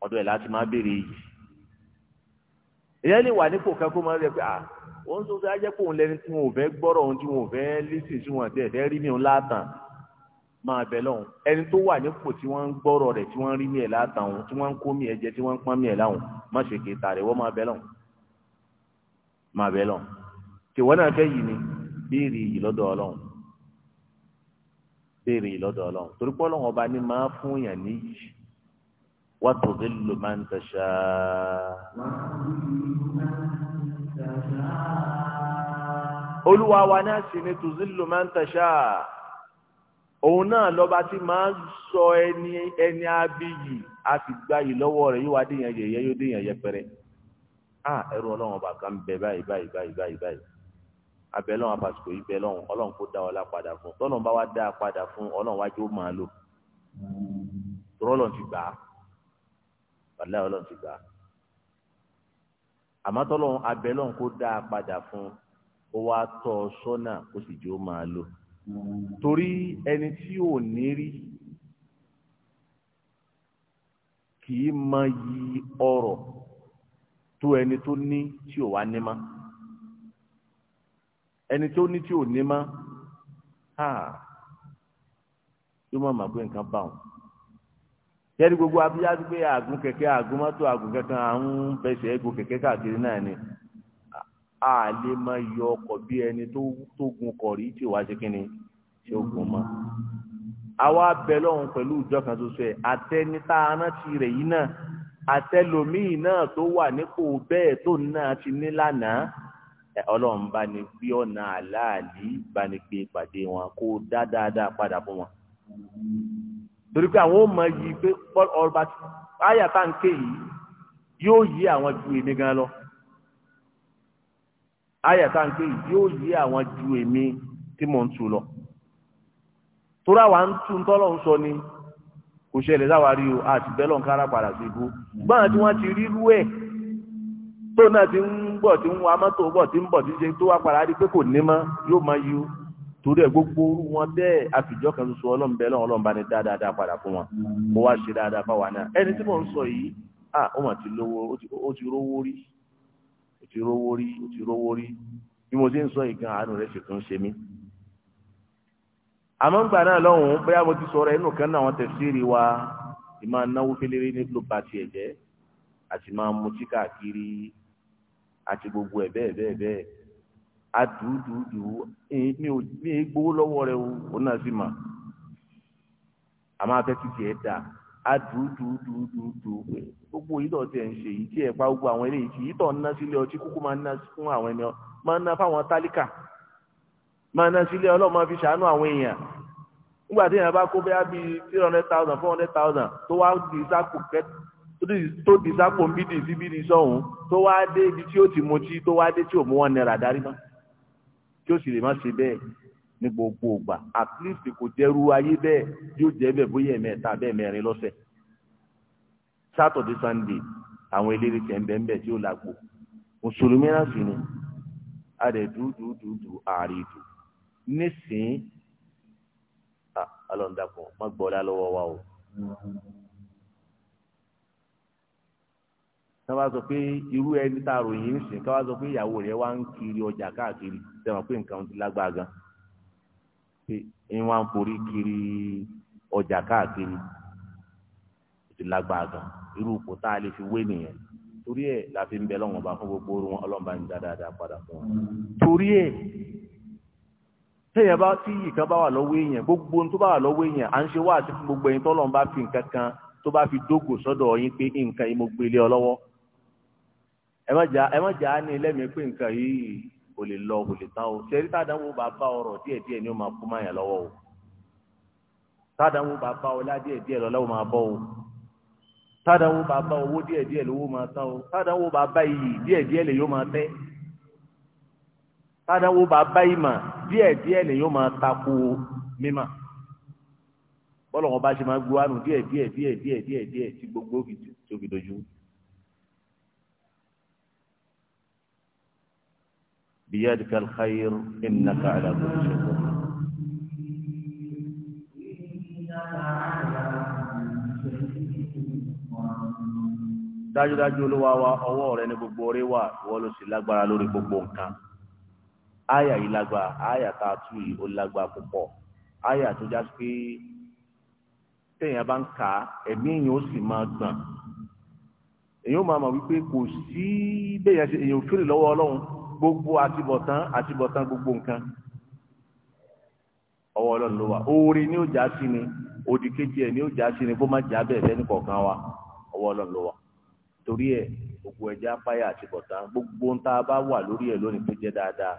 ọ̀dọ̀ ẹ̀ láti máa béèrè yìí èyàn lè wà nípò kan kó máa rẹ pé ah òun tó fẹ́ ajẹ́ pé òun lẹni tí wọn ò fẹ́ gbọ́rọ̀ òun tí wọn ò fẹ́ lísìn tí wọn àti ẹ̀fẹ́ rí mi òun látàn máa bẹ̀ lọ́hùn ẹni tó wà nípò tí wọ́n ń gbọ́rọ̀ rẹ̀ tí wọ́n rí mi ẹ̀ látàn òun tí wọ́n ń kó mi ẹ̀ tí wọ́n ń pọ́n mi ẹ̀ láhùn má ṣe kéta rẹ̀ wọ́n máa bẹ̀ lọ́hùn máa bẹ̀ lọ́hùn tìwọ́n náà fẹ́ yìí ni bí yìí lọ́dọ̀ ọlọ́hùn béèrè lọ́dọ̀ ọlọ́run torí pé ọlọ́run ọba ni máa fún yàn níyì wà tó dé lò máa ń tẹ̀sà. olúwa wa náà sì ni tùzí lò máa ń tẹ̀sà òun náà lọ́ba tí máa ń sọ ẹni ẹni abiyì a sì gba yìí lọ́wọ́ rẹ̀ yóò wá déyàn yẹ̀yẹ́ yóò déyàn yẹpẹrẹ. ẹrù ọlọ́run ọba kan bẹ báyìí báyìí báyìí báyìí abẹ́lọ́wọ́n àfàsìkò yìí bẹ́lọ́wọ́n ọlọ́run kó dá ọlá padà fún tọ́lọ́n bá wá dá a padà fún ọlọ́run wájú ó máa lò tọ́lọ́n ti gbà á wàlá ọlọ́run ti gbà á àmọ́ tọ́lọ́run abẹ́lọ́wọ́n kó dá a padà fún ó wá tọ́ ọ sọ́nà ó sì jẹ́ ó máa lò torí ẹni tí ò ní rí kì í mọ ọrọ̀ tó ẹni tó ní tí ò wá ní máa. ẹni tó ní tí ò ní má ha yóò má má nǹkan bá wọn gbogbo abíyájú pé àgùn kẹ̀kẹ́ àgùn mọ́tò àgùn kankan ń bẹ̀sẹ̀ ẹ̀gbọ́n kẹ̀kẹ́ káàkiri náà ni a lè má yọ ọkọ̀ bí ẹni tó gun kọ̀ rí tí ò wá ṣe kí ni tí ó gun ma àwa bẹ pẹ̀lú ìjọ kan ṣoṣo ẹ̀ àtẹnitá rẹ̀ yìí náà àtẹlòmíì náà tó ti ní lánàá ọlọ́run bá ní gbé ọ̀nà àláàlí bá ní gbé pàdé wọn kó dá dáadáa padà fún wọn. torí pé àwọn ò mọ yìí pé ọba àyà táǹkì yìí yóò yí àwọn ju èmi gan lọ àyà táǹkì yìí yóò yí àwọn ju èmi tí mò ń tu lọ. torí àwa ń tu tọ́lọ̀ ń sọ ni kò ṣẹlẹ̀ sáwárí o àti bẹ́lọ̀ ń kára padà sí ibú gbọ́dọ̀ tí wọ́n ti rí irú ẹ̀ tó náà ti ń bọ̀ ti ń wa mọ́tò bọ̀ ti ń bọ̀ ti ṣe tó wá padà rí pé kò ní mọ́ yóò máa yú torí ẹ̀ gbogbo orú wọn bẹ́ẹ̀ àfìjọ́ kan ṣoṣo ọlọ́run bẹ́ẹ̀ lọ́wọ́ ọlọ́run bá ní dáadáa padà fún wọn mo wá ṣe dáadáa fáwa náà ẹni tí mò ń sọ yìí à ó mà ti lówó ó ti rówó rí ó ti rówó rí ó ti rówó rí bí mo ti ń sọ ìkan àánú rẹ̀ ṣètò ń ṣe mí. àmọ́ ńgbà náà lọ́hùn-ún bóyá mo ti sọ̀rọ̀ inú kan náà wọ́n tẹ̀síìrì wa ìmáa náwó fẹ́lẹ́rẹ́ nílò bá tiẹ̀ jẹ́ àti máa mutí káàkiri àti gbogbo ẹ̀ bẹ́ẹ̀ bẹ́ẹ̀ bẹ́ẹ̀ adùúdùúdù mi ò mi ì gbowó lọ́wọ́ rẹ o òun náà sì mà àmọ́ afẹ́ títí ẹ̀ dà adùúdùúdùúdù gbogbo yìí tó tiẹ̀ ń ṣe yìí tí ẹ̀ pa gbogbo àwọn eléyìí tí yìí tó ń sílé ọtí kúkú máa ń fún àwọn ẹni ọ máa ń fáwọn tálíkà máa ń sílé ọlọ́ọ̀ máa fi ṣàánú àwọn èèyàn nígbà tí èèyàn bá kó bẹ́ẹ̀ bíi three hundred thousand four hundred thousand tó wá di sáàkù tó di sápò ń bídì sí bídì sọ̀hún tó wá dé ibi tí ó ti mutí tó wá dé tí ò mú wọn náírà darí mọ́ tí ó sì lè má ṣe bẹ́ẹ̀ ní gbogbo ìgbà at least kò jẹ́rú ayé bẹ́ẹ̀ yóò jẹ́ bẹ́ẹ̀ bóyá ẹ̀mẹ́ta bẹ́ẹ̀ mẹ́rin lọ́sẹ̀ sátọ̀dé sunday àwọn eléré tẹ̀ ń bẹ́ẹ̀ bẹ́ẹ̀ tí ó lágbo mùsùlùmí náà sì ni adẹ dúdúdúdú ààrẹ dùn nísìnyí alọ̀ ń dàpọ̀ má gbọ́ ọ lọ́wọ́ wa o. ká wá sọ pé irú ẹni tá a ròyìn ń sìn ká sọ pé ìyàwó rẹ̀ wá ń kiri ọjà káàkiri sẹ́wọ̀n pé nǹkan ti lágbára gan pé ń wá ń forí kiri ọjà káàkiri ti lágbára gan irú ipò tá a lè fi wé nìyẹn torí ẹ̀ la fi ń bẹ lọ́wọ́n bá fún gbogbo orun ọlọ́mọba ń dá dáadáa padà fún wọn torí ẹ̀ téèyàn bá tí ìkan bá wà lọ́wọ́ èèyàn gbogbo tó bá wà lọ́wọ́ èèyàn à ń ṣe wá àti fún gbogbo ẹ̀yin tọ́lọ́run bá fi nǹkan kan tó bá fi dógò sọ́dọ̀ yín pé nǹkan yìí mo ẹ má jà ẹ má jà á ní ẹlẹ́mìí pé nǹkan yìí kò lè lọ kò lè tán o ṣe tàdánwò bá bá ọrọ̀ díẹ̀ ni ó máa kú máa yàn lọ́wọ́ o tàdánwò bá bá ọlá díẹ̀ díẹ̀ lọ́lá ó máa bọ́ o tàdánwò bá bá owó díẹ̀ díẹ̀ lówó máa tán o tàdánwò bá bá iyì díẹ̀ díẹ̀ lè yó máa tẹ́ tàdánwò bá bá ìmọ̀ díẹ̀ díẹ̀ lè yó máa takò mímọ̀ bọ́lọ̀ wọn bá ṣe máa gbó àrùn díẹ̀ díẹ̀ díẹ̀ tí gbogbo òfin tó dojú. بيدك الخير إنك على كل شيء dájúdájú olúwa wa ọwọ́ rẹ ní gbogbo orí wà ìwọ ló sì lágbára lórí gbogbo nǹkan àyà yìí lágbára àyà tá a tú yìí ó lágbára púpọ̀ àyà tó já sí pé téèyàn bá ń kà ẹ̀mí èèyàn ó sì máa gbọ̀n èèyàn máa mọ̀ wípé kò sí bẹ́ẹ̀ yẹn ṣe ò fèrè lọ́wọ́ ọlọ́run gbogbo àtibọ̀tán àtibọ̀tán gbogbo nǹkan ọwọ́ ọlọ́run ló wà oore ni ó já sí ni odi kejì ẹ̀ ni ó já sí ni kó má já bẹ́ẹ̀ fẹ́ nìkọ̀ọ̀kan wa ọwọ́ ọlọ́run ló wà torí ẹ̀ gbogbo ẹja apáyà àtibọ̀tán gbogbo ń bá wà lórí ẹ̀ lónìí tó jẹ́ dáadáa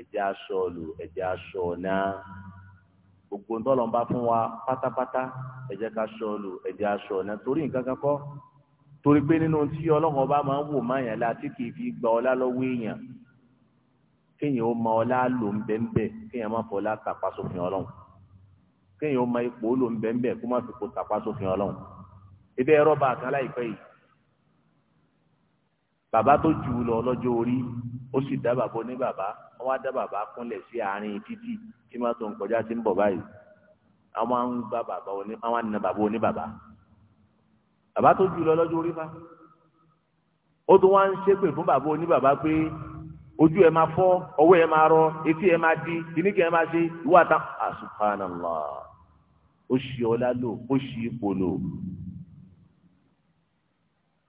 ẹja aṣọ lò ẹja aṣọ náà gbogbo ń ń bá fún wa pátápátá ẹja ká aṣọ lò ẹja aṣọ náà torí nǹkan kan torí pé nínú tí ọlọ́run ọba máa ń wò máa yàn láti kì í fi gba ọlá lọ́wọ́ èèyàn kéèyàn ó mọ ọlá lò ń bẹ́ ń bẹ́ kéèyàn má fọ ọlá tàpá sófin ọlọ́run kéèyàn ó mọ ipò lò ń bẹ́ ń bẹ́ kó má fi kó tàpá sófin ọlọ́run ebe ẹ̀rọ bá àkàlà ìpẹ́ yìí bàbá tó jù lọ lọ́jọ́ orí ó sì dá bàbá ní bàbá wọ́n wá dá bàbá kúnlẹ̀ sí àárín títì tí má tó ń kọjá sí ń bọ̀ báyìí àwọn àwọn gba bàbá oní àwọn àna bàbá oní bàbá bàbá tó jù lọ lọ́jọ́ orí fa ó tún wá ń ṣépè fún bàbá oní bàbá pé ojú ẹ máa fọ́ ọwọ́ ẹ máa rọ etí ẹ máa di kìnnìkan ẹ máa ṣe ìwà ta ah, subhanallah ó ṣì ọlá lò ó ṣì ipò lò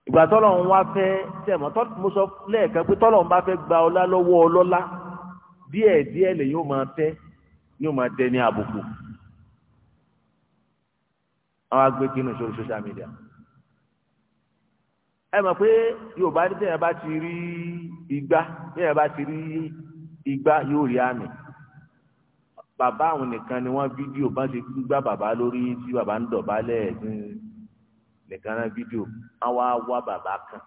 ìgbà tọ́lọ́run wá fẹ́ tẹ̀mọ́ mo sọ lẹ́ẹ̀kan pé tọ́lọ́run bá fẹ́ gba ọlá lọ́wọ́ ọlọ́lá díẹ̀ díẹ̀ lè yóò máa tẹ́ yóò máa tẹ́ àbùkù àwọn agbẹ́kínú sórí social media ẹ mọ̀ pé yorùbá ní tẹ̀yẹ̀ bá ti rí igba tẹ̀yẹ̀ bá ti rí igba yóò rí àmì bàbá àwọn nìkan ni wọ́n fídíò bá ṣe gbá bàbá lórí tí bàbá ń dọ̀bálẹ̀ nìkan náà fídíò àwa wá bàbá kan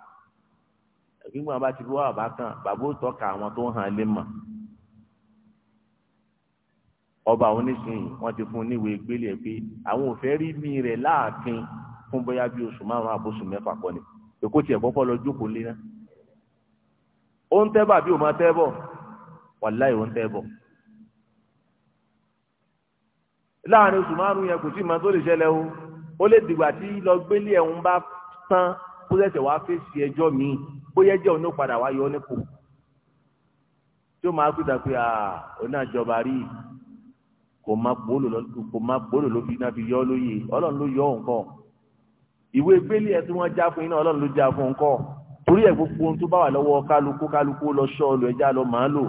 ìgbìmọ̀ àbá ti fi wá bàbá kan bàbá ó tọ́ka àwọn tó ń hàn lé mọ̀ ọba onísìnyí wọn ti fún un níwèé gbélé ẹ pé àwọn ò rí mi rẹ̀ láàfin fún bóyá bí oṣù márùn-ún àbóṣù mẹ́fà kọ́ni èkó tiẹ̀ kọ́kọ́ lọ jókòó lé náà ó ń tẹ́ bà bí ó máa tẹ́ bọ̀ wàláì ó ń tẹ́ bọ̀ láàrin oṣù márùn yẹn kò sí ìmọ̀ tó lè ṣẹlẹ̀ o ó lè dìgbà tí lọ gbélé ẹ̀hún bá tán kó ṣẹ̀ṣẹ̀ wá fèsì ẹjọ́ mi bóyá ẹjọ́ òun ló padà wá yọ nípò tí ó máa kú dàpé à òun náà rí kò má gbóòlò ló fi náà fi yọ lóye ọlọ́run ló yọ nǹkan ìwé gbélé ẹ tí wọ́n já fún iná ọlọ́run ló já fún ńkọ́ torí ẹ̀ gbogbo ohun tó bá wà lọ́wọ́ kálukú kálukú lọ ṣọ́ ọ lọ ẹja lọ màá lò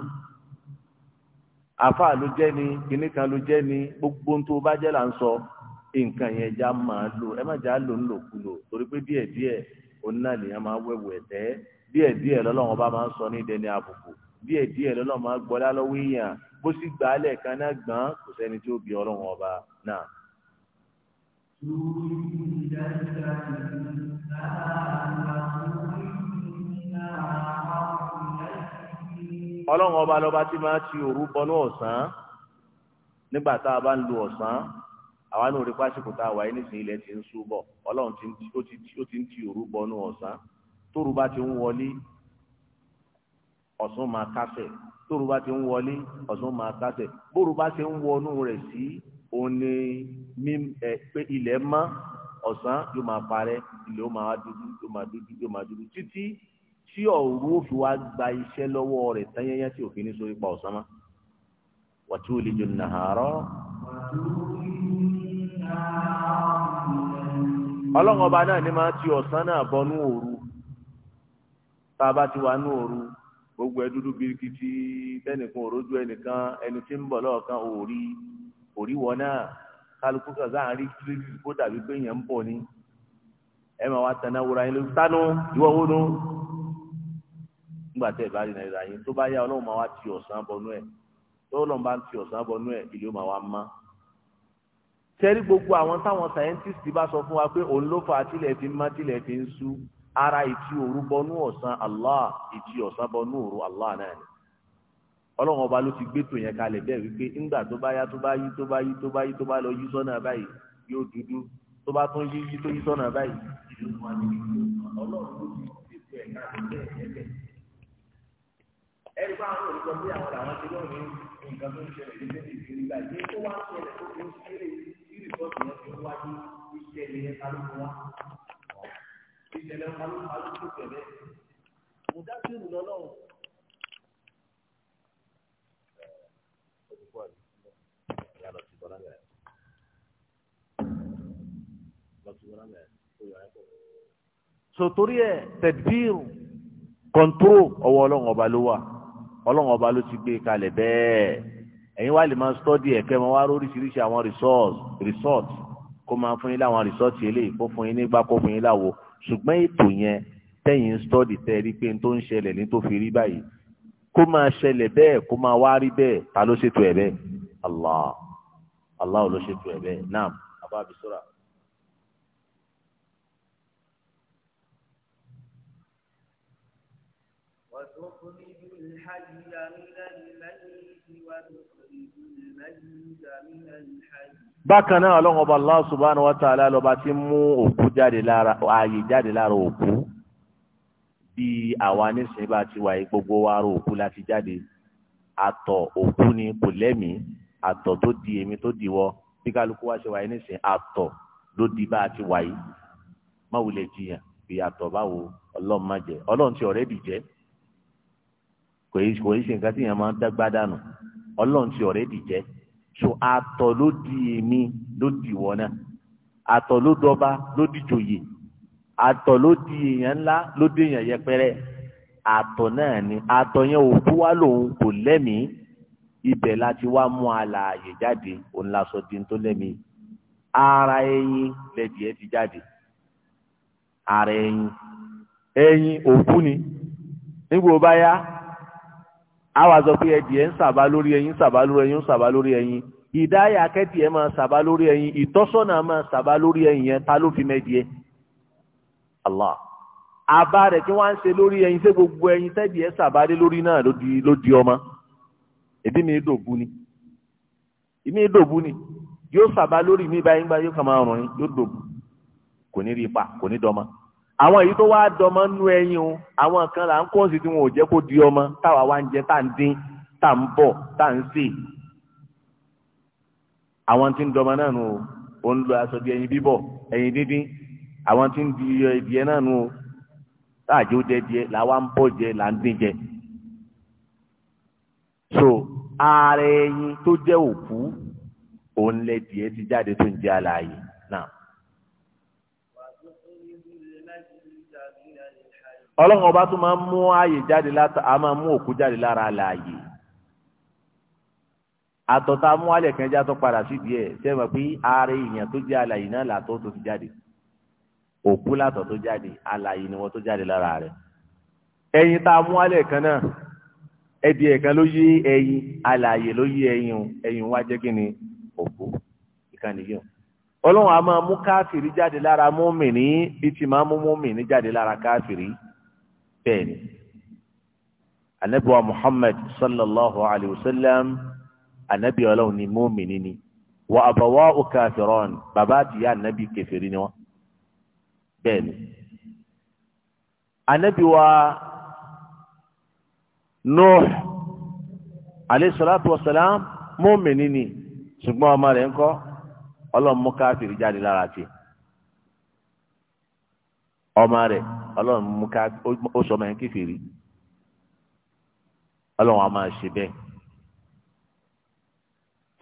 àfa ló jẹ́ ni kinní kan ló jẹ́ ni gbogbo ohun tó bá jẹ́ là ń sọ nǹkan yẹn já máa lò ẹ má já lò ń lò kulò torí pé díẹ̀ díẹ̀ òun náà lèèyàn máa wẹ̀wù ẹ̀tẹ́ díẹ̀ díẹ̀ lọ́lọ́run bá máa ń sọ ní dẹni àbùkù díẹ̀ díẹ̀ lọ́lọ́run ọlọ́run ọba lọ́ba tí máa ti òru bọnú ọ̀sán nígbà tá a bá ń lu ọ̀sán àwa náà rí pásíkò tá a wáyé nísìnyí ilẹ̀ ti ń sú bọ̀ ọlọ́run ó ti ń ti òru bọnú ọ̀sán tóru bá ti ń wọlé ọ̀sán máa kásẹ̀ tóru bá ti ń wọlé ọ̀sán máa kásẹ̀ bóru bá ti ń wọnú rẹ̀ sí òun ni pé ilẹ̀ mọ́ ọ̀sán yóò máa parẹ́ ilé yóò máa dúdú yóò máa dúdú yóò máa dúdú títí tí òru ó wá gba iṣẹ́ lọ́wọ́ rẹ̀ tán tí òfin ní sórí pa ọ̀sán mọ́ wàtí ó lè jọ nàárọ̀. ọba náà ní máa ti ọ̀sán náà òru tá a bá ti gbogbo ẹ dúdú birikiti ẹnìkan ẹni tí ń bọ̀ lọ́ọ̀kan kálukú kan sáà rí kílébì kó dàbí pé èèyàn ń ni ẹ máa wá tẹ̀lé wúra yín lórí sánú ìwọ wo nú nígbà tẹ́ ẹ bá rí náírà yín tó bá yá ọlọ́run máa wá ti ọ̀sán bọnú ẹ̀ tó ọlọ́run bá ń ti ọ̀sán bọnú ẹ̀ ìlú máa wá má tẹ́rí gbogbo àwọn táwọn scientist bá sọ fún wa pé òun ló fà á tilẹ̀ fi má tilẹ̀ fi ń sú ara ìtì òru bọnú ọ̀sán Allah ìtì ọ̀sán bọnú òru Allah na. ni ọlọ́run ọba ló ti gbétò yẹn kalẹ̀ bẹ́ẹ̀ wípé ńgbà tó bá yá tó bá yí tó bá yí tó bá yí tó bá lọ yí sọ́nà báyìí yóò dúdú tó bá tún yí yí tó yí sọ́nà báyìí. ọlọ́run ló ti gbétò yẹn kalẹ̀ bẹ́ẹ̀ bẹ́ẹ̀ bẹ́ẹ̀. ẹ̀rí bá àwọn olùkọ́ bí àwọn làwọn ti lọ́ọ̀rọ̀ nǹkan tó ń ṣẹlẹ̀ nílé ìgbéri báyìí tó wá ṣẹlẹ̀ tó fi ń ṣẹlẹ̀ ìrìsọ́ọ̀tì yẹn ti wáyé ìṣẹ̀lẹ̀ yẹn kálukú wá ìṣẹ̀lẹ̀ kálukú tẹ̀lé mùdásírù lọ́lọ́run sotori ẹ tẹdbíru kọntró ọwọ́ Ọlọ́run ọba ló wà Ọlọ́run ọba ló ti gbé e kalẹ̀ bẹ́ẹ̀ ẹ̀yin wá lè máa stọdí ẹkẹ máa wá lóríṣiríṣi àwọn resource resource kó máa fún yín láwọn resource eléyìí kó fún yín nígbà kó fún la láwo ṣùgbọ́n ètò yẹn tẹ̀yìn stọdí tẹ rí pé n tó ń ṣẹlẹ̀ ní tó fi rí báyìí kó máa ṣẹlẹ̀ bẹ́ẹ̀ kó máa wá rí bẹ́ẹ̀ ta ló ṣètò ẹ̀ bẹ́ẹ̀ Allah Allah ló ṣètò ẹ̀ bẹ́ẹ̀ naam abá bisora. وتخرج الحي من الميت وتخرج الميت من الحي bákan náà ọlọ́run ọba allah subhanahu wa ta'ala lọ́ba tí ń mú òkú jáde lára ààyè jáde lára òkú bíi àwa nísìnyí bá ti wáyé gbogbo wa ara òkú láti jáde àtọ̀ òkú ni kò lẹ́mìí àtọ̀ tó di èmi tó di wọ bí kálukú wá ṣe wáyé nísìnyí àtọ̀ ló di bá a ti wáyé má wulẹ̀ jiyàn bí àtọ̀ báwo ọlọ́run má jẹ ọlọ́run ti ọ̀rẹ́ bì jẹ́ kò yí kò yí ṣe nǹkan tí yẹn máa ń dágbá dànù ọlọ́run ti ọ̀rẹ́ dìjẹ́ so àtọ̀ ló di èmi ló di ìwọ náà àtọ̀ ló dọba ló di joyè àtọ̀ ló di èèyàn ńlá ló di èèyàn yẹpẹrẹ àtọ̀ náà ni àtọ̀ yẹn ò kú wá lòun kò lẹ́mìí ibẹ̀ láti wá mú alààyè jáde òun la sọ di tó lẹ́mìí ara ẹyin lẹ́dí ẹ ti jáde ara ẹyin ẹyin òkú ni nígbà ó bá yá àwa sọ pé ẹdìẹ ń sàbá lórí ẹyin sàbá lórí ẹyin sàbá lórí ẹyin ìdáyà akẹ́tìẹ máa sàbá lórí ẹyin ìtọ́sọ́nà máa sàbá lórí ẹyin yẹn ta ló fi mẹ́dìẹ Allah àbá rẹ̀ tí wọ́n á ń ṣe lórí ẹyin ṣé gbogbo ẹyin tẹ́dìẹ sàbá dé lórí náà ló di ọmọ èdè mi dòbu ni èmi dòbu ni yóò sàbá lórí mi báyìí gbà yóò kà máa rùn yóò dòbu kò ní rí ipa kò ní dọ́mọ àwọn èyí tó wá dọmọ nú ẹyin o àwọn kan là ń kọ́ sí tí wọn ò jẹ́ kó di ọmọ táwa wá ń jẹ tá à ń dín tá à ń bọ̀ tá ń sè àwọn tí ń dọmọ náà nù o ò ń lo aṣọ bí ẹyin bíbọ̀ ẹyin díndín àwọn tí ń di ìdíyẹ náà nù o táàjò jẹ díẹ̀ làwa ń bọ̀ jẹ là ń dín jẹ so ààrẹ ẹyin tó jẹ́ òkú òun lẹ díẹ̀ ti jáde tó ń jẹ́ alààyè náà. ọlọ́run ọba tún máa ń mú ààyè jáde láta a máa mú òkú jáde lára àlàyé àtọ̀tà mú alẹ̀ kan já tó padà síbi ẹ̀ sẹ́wọ̀n pé ààrẹ èèyàn tó jẹ́ àlàyé náà làtọ̀ tó ti jáde òkú làtọ̀ tó jáde àlàyé ni wọ́n tó jáde lára rẹ̀ ẹyin tá a mú alẹ̀ kan náà ẹbí ẹ̀kan ló yí ẹyin àlàyé ló yí ẹyin o ẹyin wá jẹ́ kí ni òkú ìkànnì yìí o ọlọ́run a máa mú káfìrí jáde lára mọ́mìnì bí ti máa mú mọ́mìnì jáde lára káfìrí bẹ́ẹ̀ ni anabi wa muhammad sallallahu alayhi wa sallam anabi ọlọ́run ni mọ́mìnì ni wa àbọ̀wá òkàfẹ́rọ́n bàbá àtìyá anabi kẹfẹ́rí ni wọ́n bẹ́ẹ̀ ni anabi wa nuh alayhi salatu wa salam mọ́mìnì ni ṣùgbọ́n ọmọ rẹ̀ ń kọ́ ọlọ́run mú káfíìrì jáde lára tiẹ̀ ọmọ rẹ̀ ọlọ́run mú ká ó sọ mẹ́rin kèfèrí ọlọ́run a máa ṣe bẹ́ẹ̀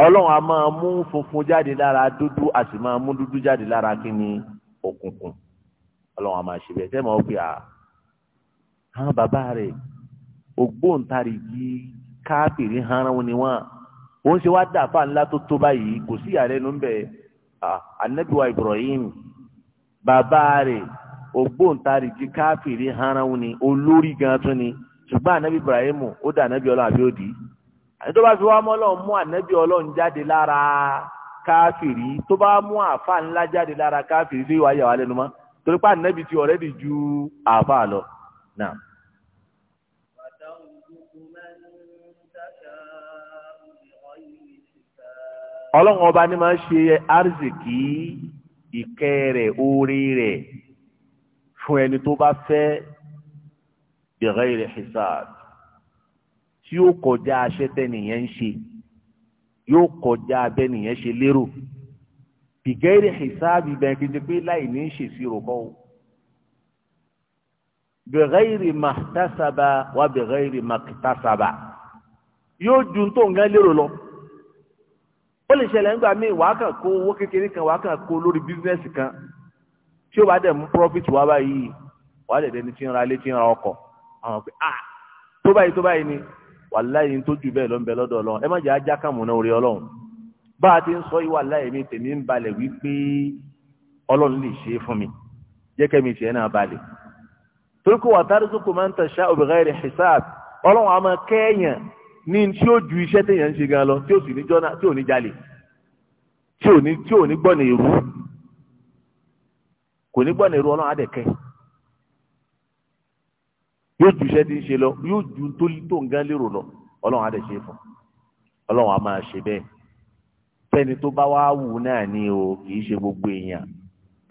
ọlọ́run a máa mú funfun jáde lára dúdú a sì máa mú dúdú jáde lára kíni òkùnkùn ọlọ́run a máa ṣe bẹ́ẹ̀ sẹ́mi ọ̀pẹ̀ à hàn bàbá rẹ̀ ògbóǹtarìgì káàpìrì hanrun ni wọ́n ó ń ṣe wá dàfà ńlá tó tó báyìí kò sí ìyàrá ẹnu ń bẹ̀ ànábìwá Ibrahim bàbá rẹ̀ ògbóǹtarìgì káfìrí haranwó ni olórí gan tún ni ṣùgbọ́n ànábì Ibrahim ó dà ànábì ọlọ́run àbí òdì tó bá fi wá mọ́ ọlọ́run mú ànábì ọlọ́run jáde lára káfìrí tó bá mú àáfà ńlá jáde lára káfìrí sí ìwà yàwá lẹ́nu mọ́ torí pé ànábì ti ju lọ. ọlọ́run ọba ni máa ń ṣe fún ẹni tó bá fẹ́ bi ghairi hisab tí ó kọjá aṣẹ́tẹ́ nìyẹn ń ṣe yóò kọjá abẹ́ nìyẹn ṣe lérò bi ghairi hisab bẹ́ẹ̀ kí n ti pé láì ní ṣèṣirò kọ́ o bi ghairi mahtasaba wa bi ghairi maktasaba yóò ju tó ń gán lérò lọ ó lè ṣẹlẹ̀ nígbà míì wàá kàn kó owó kékeré kan wàá kàn kó lórí bísíǹsì kan tí ó bá dẹ̀ mú profit wá báyìí wàá dẹ̀ dẹni tí ń ra ilé tí ń ra ọkọ̀ àwọn pé ah tó báyìí tó báyìí ni wàláyé tó jù bẹ́ẹ̀ ló ń bẹ lọ́dọ̀ ọlọ́run ẹ má jẹ́ ajá kàmùnà orí ọlọ́run bá a ti ń sọ ìwà láyé mi tèmi ń balẹ̀ wípé ọlọ́run lè ṣe é fún mi jẹ́ kẹ́mi tiẹ̀ náà balẹ̀ torí kò wà tárúkú máa ń tẹ̀sà òbíkẹ́ rẹ̀ hisab ọlọ́run àmọ́ kẹ́ẹ̀yàn ní kò ní gbọ́nà èrò ọlọ́run àdẹ̀kẹ́ yóò ju iṣẹ́ tí ń ṣe lọ yóò ju tó tó nǹkan lérò lọ ọlọ́run àdẹ̀ ṣe fún ọlọ́run a máa ṣe bẹ́ẹ̀ fẹ́ni tó bá wá wù náà ni o kì í ṣe gbogbo èèyàn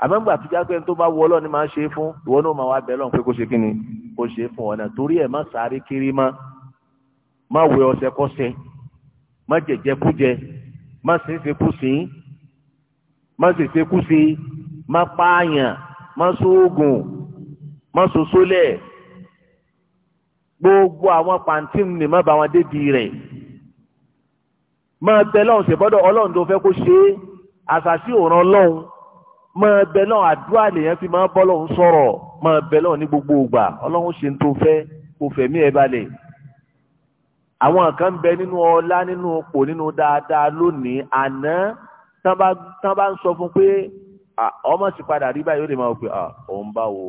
àmọ́ngbà tó jágbé tó bá wù ọlọ́run ni máa ṣe fún ìwọ náà máa wá bẹ̀ lọ́run pé kó ṣe kíni kó ṣe fún ọ̀nà torí ẹ̀ má sáré kiri má má wẹ ọṣẹ kọṣẹ má jẹjẹ kújẹ má ṣe kú sí má ṣe kú sí má pààyàn má sóògùn má sòsólẹ̀ gbogbo àwọn pàǹtí ni má bá wọn débi rẹ̀ máa bẹ lọ́hùn ṣèbọ́dọ̀ ọlọ́run tó fẹ́ kó ṣe é àṣàṣì òran ọlọ́run máa bẹ lọ́hùn àdúrà lèèyàn fi máa bọ́ lọ́hùn sọ̀rọ̀ máa bẹ lọ́hùn ní gbogbo ìgbà ọlọ́run ṣe ń tó fẹ́ kó fẹ̀mí ẹ̀ balẹ̀. àwọn kan bẹ nínú ọlá nínú ipò nínú dáadáa lónìí àná tán bá ń sọ fún pé Ah, ọmọ sì padà rí báyìí ó lè máa wọ pé ah, òun bá wo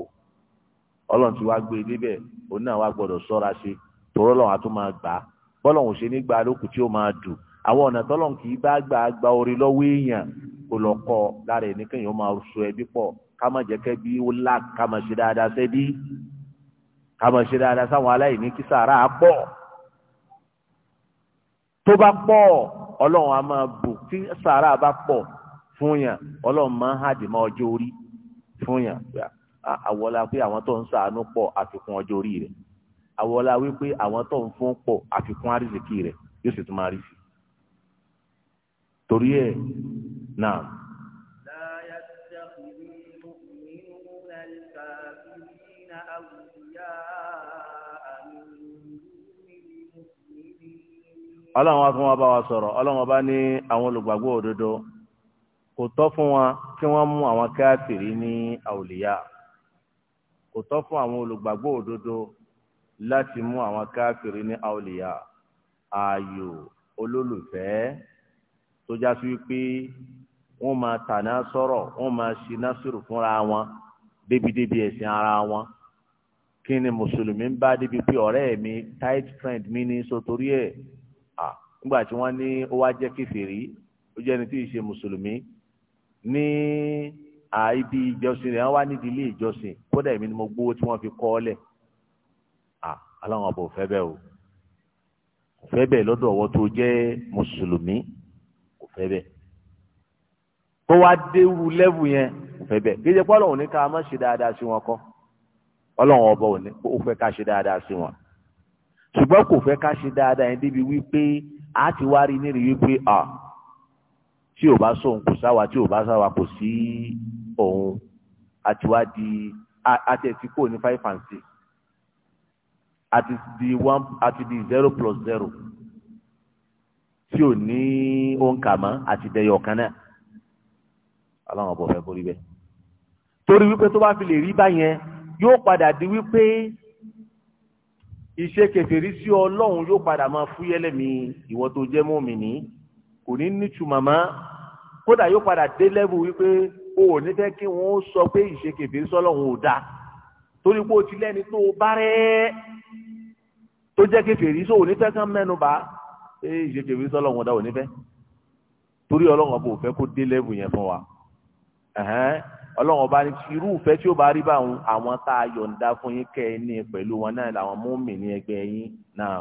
ọlọ́run ti wá gbé e débẹ̀ òun náà wá gbọ́dọ̀ sọ́ra ṣe tòró lọ́wọ́ a tún máa gbà á bọ́lọ̀hún ṣe nígbà lókùn tí ó máa dùn àwọn ọ̀nà tọ́lọ̀n kì í bá gbà á gba orí lọ́wọ́ èèyàn kò lọ kọ́ lára ẹni kéèyàn máa so ẹbí pọ̀ ká má jẹ́ kẹ́bí ó là ká má ṣe dáadáa sẹ́bí ká má ṣe dáadáa sáwọn aláìní kí sàárà pọ̀ tó bá pọ̀ ọlọ́run á máa bù tí sàárà bá pọ̀ fún yàn ọlọ́run máa ń mọ́ ọjọ́ orí fún yàn àwọlá pé àwọn tó ń sàánú pọ̀ àfikún ọjọ́ orí rẹ̀ àwọlá wípé àwọn tó ń fún pọ̀ àfikún àrísìkí rẹ̀ yóò sì tún máa torí ẹ̀ náà. ọlọ́run fún wa kò tọ́ fún wọn kí wọ́n mú àwọn káfìrí ní àwòlíyà kò tọ́ fún àwọn olùgbàgbọ́ òdodo láti mú àwọn káfìrí ní àwòlíyà ààyò olólùfẹ́ tó já sí wípé wọ́n máa tàná sọ̀rọ̀ wọ́n máa ṣe násìrò fúnra wọn débi ẹ̀sìn ara wọn kí ni mùsùlùmí ń bá débi pé ọ̀rẹ́ mi tight friend mi ní sotori ẹ̀ nígbà tí wọ́n ní ó wá jẹ́ kèfèrí ó jẹ́ ẹni tí ì ṣe mùsùlùmí ní ibi ìjọsìn rẹ̀ wọ́n wá nídìí ilé ìjọsìn kódà èmi ni mo gbówó tí wọ́n fi kọ́ ọ lẹ̀ aláwọn ọba ò fẹ́ bẹ́ẹ̀ o kò fẹ́ bẹ́ẹ̀ lọ́dọ̀ ọwọ́ tó jẹ́ mùsùlùmí kò fẹ́ bẹ́ẹ̀ kó wá déwu lẹ́wù yẹn kò fẹ́ bẹ́ẹ̀ kí ẹ jẹ́ pé ọlọ́run ní ká má ṣe dáadáa sí wọn kọ́ ọlọ́run ọba ò ní fẹ́ ká ṣe dáadáa sí wọn ṣùgbọ́n kò fẹ́ ká ṣe dáadáa yẹn débi wípé a ti wá rí nírí wípé ah tí ò bá sóhun kò sáwa tí ò bá sáwa kò sí òun àti wá di àti ẹtì kò ní five and six àti di one àti di zero plus zero tí ò ní òǹkà mọ́ àti dẹyọ kan náà aláwọn ọbọ fẹ́ borí bẹ́ẹ̀ torí wípé tó bá fi lè rí báyẹn yóò padà di wípé iṣẹ́ kèfèrí sí Ọlọ́run yóò padà máa fúyẹ́lẹ́mí ìwọ tó jẹ́ mọ́mìnì kò ní nítumọ̀ mọ́ kódà yóò padà dé lẹ́bù wípé o ò ní fẹ́ kí wọ́n sọ pé ìṣekèfé sọ́lọ́hún ò dáa torí pé o ti lẹ́ni tó o bá rẹ́ tó jẹ́ kèfèrí sọ ò ní fẹ́ kán mẹ́nu bá ṣé ìṣekèfé sọ́lọ́hún ọ̀dà ò ní fẹ́ torí ọlọ́run ọba ò fẹ́ kó dé lẹ́bù yẹn fún wa ọlọ́run ọba ní irú ìfẹ́ tí ó bá rí bá àwọn tá a yọ̀ǹda fún yín kẹ́ ẹ ní pẹ̀lú wọn náà làwọn mú mi ní ẹgbẹ́ yín náà.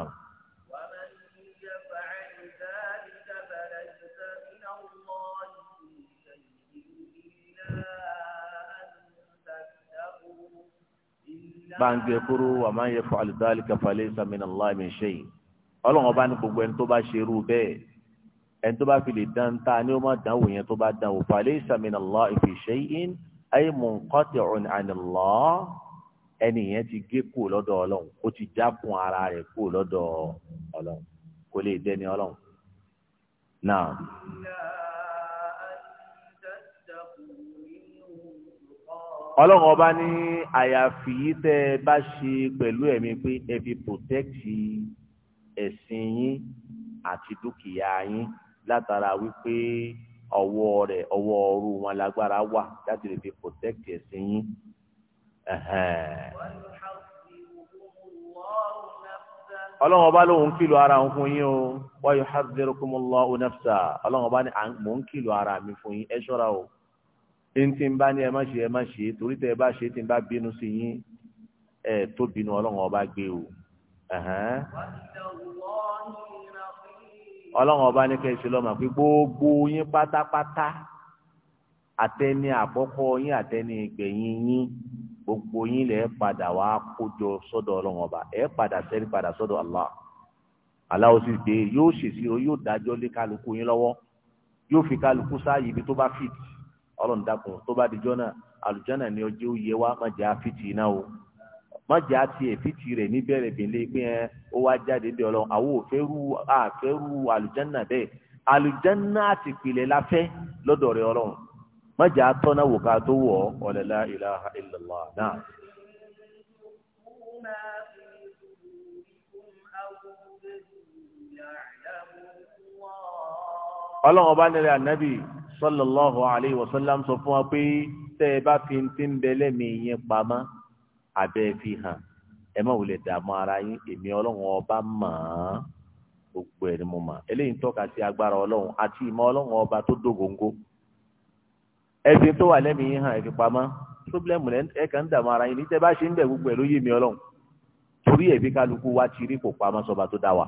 bá ń gbé kúrú wa man yaf'al dhalika falaysa min Allah min shay ọlọ́run ọba ní gbogbo ẹni tó bá ṣe irú bẹ́ẹ̀ ẹni tó bá fi lè dán ta ni ó má dán wò yẹn tó bá dán wò falaysa min Allah fi shay'in ay munqati'un 'an Allah ẹni yẹn ti gé kú lọ́dọ̀ ọlọ́run ó ti jákun ara rẹ̀ kú lọ́dọ̀ ọlọ́run kò lè dẹni ọlọ́run náà. ọlọ́run ọba ní àyàfi yìí tẹ́ ẹ bá ṣe pẹ̀lú ẹ̀mí pé ẹ fi protẹ́kì ẹ̀sìn yín àti dúkìá yín látara wípé ọwọ́ rẹ̀ ọwọ́ ọrú wọn lágbára wà láti lè fi protẹ́kì ẹ̀sìn yín. ọlọ́run ọba lóun kìlọ̀ ara òun fún yín o wa yuhadhdhirukumullahu nafsa ọlọ́run ọba ní mò ń kìlọ̀ ara mi fún yín ẹ ṣọ́ra o ntí ń bá ní ẹ má ṣe ẹ má ṣe torí tẹ ẹ bá ṣe tí ń bá bínú sí yín ẹ tó bínú ọlọ́run ọba gbé o ọlọ́run ọba ní kẹ́sì lọ́mọ pé gbogbo yín pátápátá àtẹni àkọ́kọ́ yín àtẹni ìgbẹ̀yìn yín gbogbo yín lè padà wá kójọ sọ́dọ̀ ọlọ́run ọba ẹ padà sẹ́ni padà sọ́dọ̀ Allah Allah ó sì gbé yóò ṣèṣirò yóò dájọ́ lé kálukú yín lọ́wọ́ yóò fi kálukú sáàyè ibi tó bá fìdí ọlọ́run dákun tó bá dijọ́ náà àlùjáná ni ọjọ́ yẹ wá má jẹ́ àfitì náà o má jẹ́ àti èfitì rẹ̀ níbẹ̀rẹ̀ bìnlẹ̀ pé ẹ ó wá jáde bí ọlọ́run àwọn òfẹ́rù àfẹ́rù àlùjáná bẹ́ẹ̀ àlùjáná àti ìpìlẹ̀ la fẹ́ lọ́dọ̀ rẹ̀ ọlọ́run má jẹ́ àtọ́nà wò ká tó wọ̀ ọ́ la ilaha illallah náà. ọlọ́run ọba nílẹ̀ ànábì sallallahu alayhi wa sallam sọ fún wa pé tẹ́ ẹ bá fi ti ń bẹ lẹ́mìí yẹn pamọ́ abẹ́ fi hàn ẹ má wulẹ̀ dààmú ara yín èmi ọlọ́run ọba mọ̀ ọ́n gbogbo ẹ̀ ni mo mọ̀ eléyìí ń tọ́ka sí agbára ọlọ́run àti ìmọ̀ ọlọ́run ọba tó dògóńgó ẹ̀fin tó wà lẹ́mìí yín hàn ẹ̀fin pamọ́ pírọ́blẹ́mù ẹ̀ kàn ń dààmú ara yín ní tẹ́ bá ṣe ń bẹ̀ gbogbo ẹ̀ ló yé mi ọlọ́run torí ẹ̀bí kálukú wa ti rí kò pamọ́ sọba tó dá wa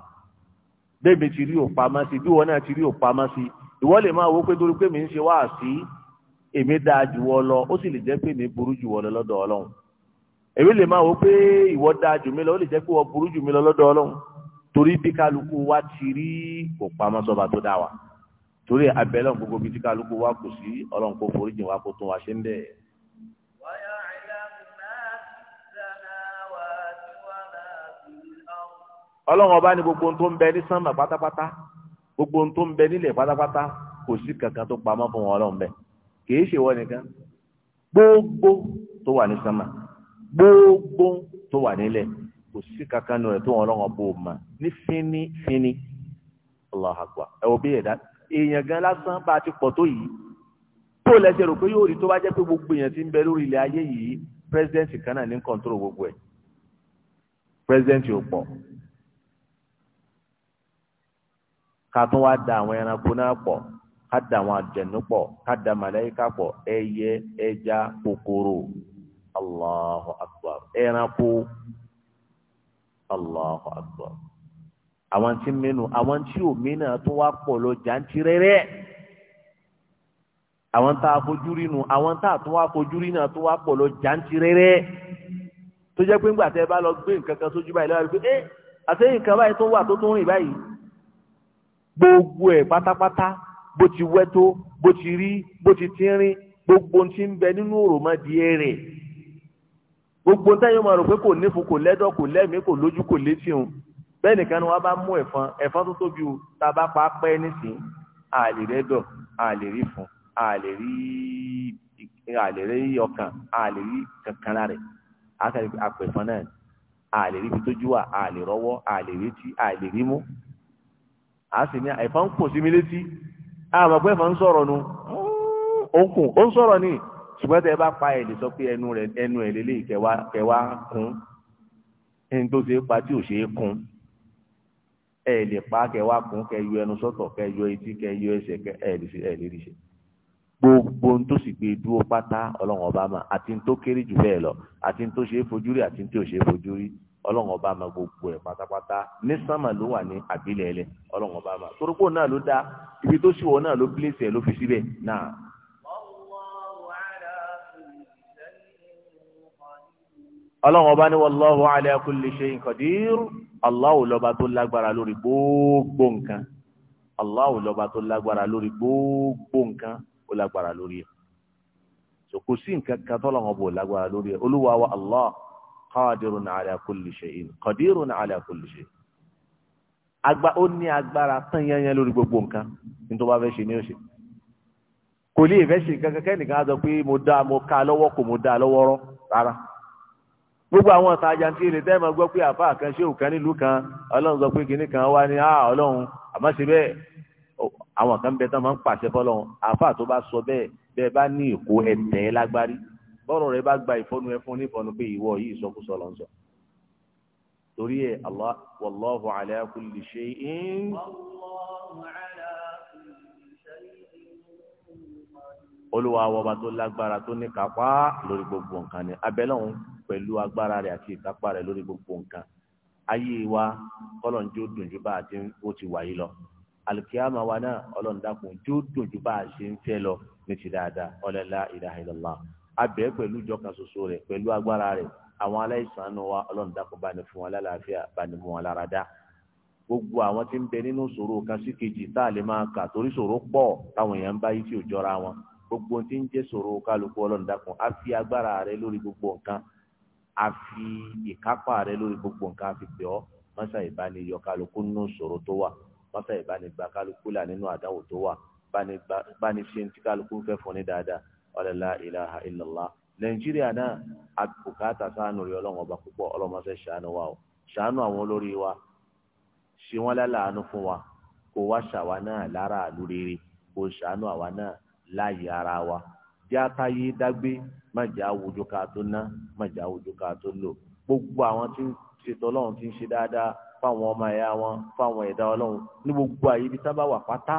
bẹ́ẹ̀ mi ti rí òpamọ́ sí bí wọn náà ti rí òpamọ́ sí ìwọ lè máa wo pé torí pé mi ń ṣe wáàsí èmi dáa jù wọ́ lọ ó sì lè jẹ́ pé mi burú jù wọ́ lọ lọ́dọ̀ ọlọ́run èmi lè máa wo pé ìwọ dáa jù mí lọ ó lè jẹ́ pé wọ́n burú jù mí lọ lọ́dọ̀ ọlọ́run torí bí kálukú wa ti rí kò pamọ́ sọ́ba tó dá wa torí abẹ́lẹ̀ gbogbo bí kálukú wa kù sí ọlọ́run kó foríjì wa kó tún wa ṣe ń dẹ̀. ọlọ́run ọba ní gbogbo ohun tó ń bẹ ní sánmà pátápátá. gbogbo ohun tó ń bẹ nílẹ̀ pátápátá kò sí kankan tó pamọ́ fún wọn ọlọ́run bẹ́ẹ̀ kìí ṣe wọ́n nìkan gbogbo tó wà ní sánmà gbogbo tó wà nílẹ̀ kò sí kankan nù rẹ̀ tó wọn ọlọ́run bò mà ní fínní fínní Allahu bí ẹ̀dá èèyàn gan lásán bá a ti pọ̀ tó yìí tó lẹ́sẹ̀ rò pé yóò rí tó gbogbo èèyàn ti ń bẹ lórí ilẹ̀ ayé yìí pírẹsidẹ́ǹtì gbogbo ẹ̀ ò pọ̀ ká tún wá da àwọn ẹranko náà pọ̀ ká àwọn àjẹnú pọ̀ ká màláyíká pọ̀ ẹyẹ ẹja kòkòrò allahu akbar ẹranko allahu akbar àwọn tí mẹnu àwọn tí omi náà wá lọ jàǹtí àwọn tá a fojú nu àwọn tá a tún wá fojú rí náà wá pọ̀ lọ jàǹtí rẹ́rẹ́ tó jẹ́ pé ńgbà tẹ́ bá lọ gbé nǹkan kan sójú báyìí lọ́wọ́ pé eh, kan báyìí tó wà tó rìn báyìí gbogbo ẹ̀ pátápátá bó ti wẹ́ tó bó ti rí bó ti tínrín gbogbo ti ń bẹ nínú òròmọdìẹ rẹ̀ gbogbo táyọ̀ máa rò pé kò nífun kò lẹ́dọ̀ kò lẹ́mìí kò lójú kò létí òun bẹ́ẹ̀ nìkan ni wọ́n bá mú ẹ̀fọn ẹ̀fọn tó tóbi o tá a bá pa á pẹ́ nísìnyí àlè rẹ́dọ̀ àlè rí fún àlè rí àlè rí ọkàn àlè rí kankanra rẹ̀ àkàrí àpẹ̀fọn náà àlè rí fi tójú wà àlè rọwọ́ àlè rí tí àlè rí mú a sì ní àìfà ń kùn sí mi létí àmọ́ pé ẹ̀fà ń sọ̀rọ̀ nu ó ń kùn ó ń sọ̀rọ̀ ni ṣùgbọ́n tẹ́ ẹ bá pa ẹ̀ lè sọ pé ẹnu rẹ̀ ẹnu ẹ̀ lélẹ́yìí kẹwàá kẹwàá kún ẹni tó ṣe é pa tí ò ṣe é kún ẹ lè pa kẹwàá kún kẹ yọ ẹnu sọ́tọ̀ kẹ yọ etí kẹ yọ ẹsẹ̀ kẹ ẹ lè ṣe ẹ lè rí ṣe gbogbo ń tó sì gbé dúró pátá ọlọ́run ọba mà àti ń tó kéré jù bẹ́ẹ̀ lọ àti ń tó ṣe é fojú àti ń tó ṣe é fojú ọlọ́run ọba máa gbogbo ẹ̀ pátápátá ní sánmà ló wà ní àbílẹ̀ ẹlẹ̀ ọlọ́run ọba máa torókò náà ló dá ibi tó sì wọ̀ náà ló pílẹ̀sì ẹ̀ ló fi síbẹ̀ náà. ọlọ́run ọba ní wallahu ala kulli shay'in qadir Allahu lọ́ba tó lágbára lórí gbogbo nǹkan Allahu lọ́ba tó lágbára lórí gbogbo nǹkan ó lágbára lórí ẹ̀ so kò sí nǹkan kan tọ́lọ́run ọba ò lágbára lórí ẹ̀ olúwa wa Allah qadirun ala kulli shay'in qadirun ala kulli shay'in agba o ni agbara tán yányán gbogbo nkan ntọba tó bá fẹ́ ṣe ní òṣè kò lè fẹ́ ṣe nǹkan kankan nìkan á sọ pé mo dá mo ka mo gbogbo àwọn ọ̀sán ajantire tẹ́ ẹ máa gbọ́ pé àfa kan kan sọ kan sọ bá ní lágbárí bọ́rọ̀ rẹ bá gba ìfọ́nu ẹ fún onífọ́nu pé ìwọ yìí lọ sọ torí ẹ Allah kulli shay'in. olúwa tó lágbára tó ní kápá lórí gbogbo nǹkan ni pẹlụ òun pẹ̀lú agbára àti ìkápá lórí gbogbo nǹkan ayé wa dùnjú bá a ti ó ti wáyé lọ wa a ṣe abẹ́ pẹ̀lú ìjọkan ṣoṣo rẹ̀ pẹ̀lú agbára rẹ̀ àwọn aláìsàn náà wa ọlọ́run dákun bá ní fún wọn lálàáfíà bá ní mú wọn lára dá gbogbo àwọn tí ń bẹ nínú ṣòro kan sí kejì tá a lè máa kà torí ṣòro pọ̀ táwọn èèyàn ń bá yí tí ò jọra wọn gbogbo tí ń jẹ́ ṣòro kálukú ọlọ́run dákun á fi agbára rẹ lórí gbogbo nǹkan á fi ìkápá rẹ lórí gbogbo nǹkan á fi pè ọ́ mọ́sá ìbáni kálukú nínú ṣòro tó wà mọ́sá ìbáni kálukú là nínú àdáwò tó wà báni ṣe ń tí kálukú fẹ́ fún ní dáadáa ọ̀lẹ́lá ilaha illallah nàìjíríà náà àbùkátà ṣàánú rí ọlọ́run ọba púpọ̀ ọlọ́mọṣẹ́ ṣàánú wa o ṣàánú àwọn olórí wa ṣe wọ́n láàánú fún wa kó wá ṣàwa náà lára àlúrere kó ṣàánú àwa náà láàyè ara wa jẹ́ akáyé dágbé má jẹ́ àwùjọ ká tó ná má jẹ́ àwùjọ ká tó lò gbogbo àwọn tí ń ṣètò ọlọ́run tí ń ṣe dáadáa fáwọn ọmọ ẹ̀yà wọn fáwọn ẹ̀dá ọlọ́run ní gbogbo àyè ibi sábà wà pátá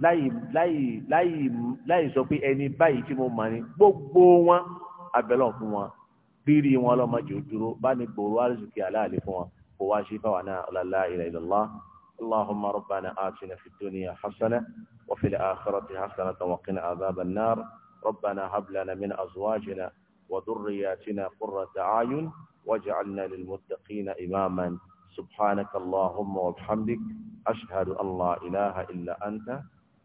láì láì láì láì sọ pé ẹni báyìí tí mo mọ̀ ni gbogbo wọn abẹ́lọ̀ fún wọn rírì wọn lọ́mọdé dúró bá ní gbòòrò àrùsùkì aláàlẹ́ fún wọn kò wá sí fáwọn náà la ilaha illallah allahumma rabbana atina fid dunya hasana wa fil akhirati hasana wa qina adhaban nar rabbana hab lana min azwajina wa dhurriyyatina qurrata a'yun waj'alna lil muttaqina imaman subhanaka allahumma wa bihamdik ashhadu an la ilaha illa anta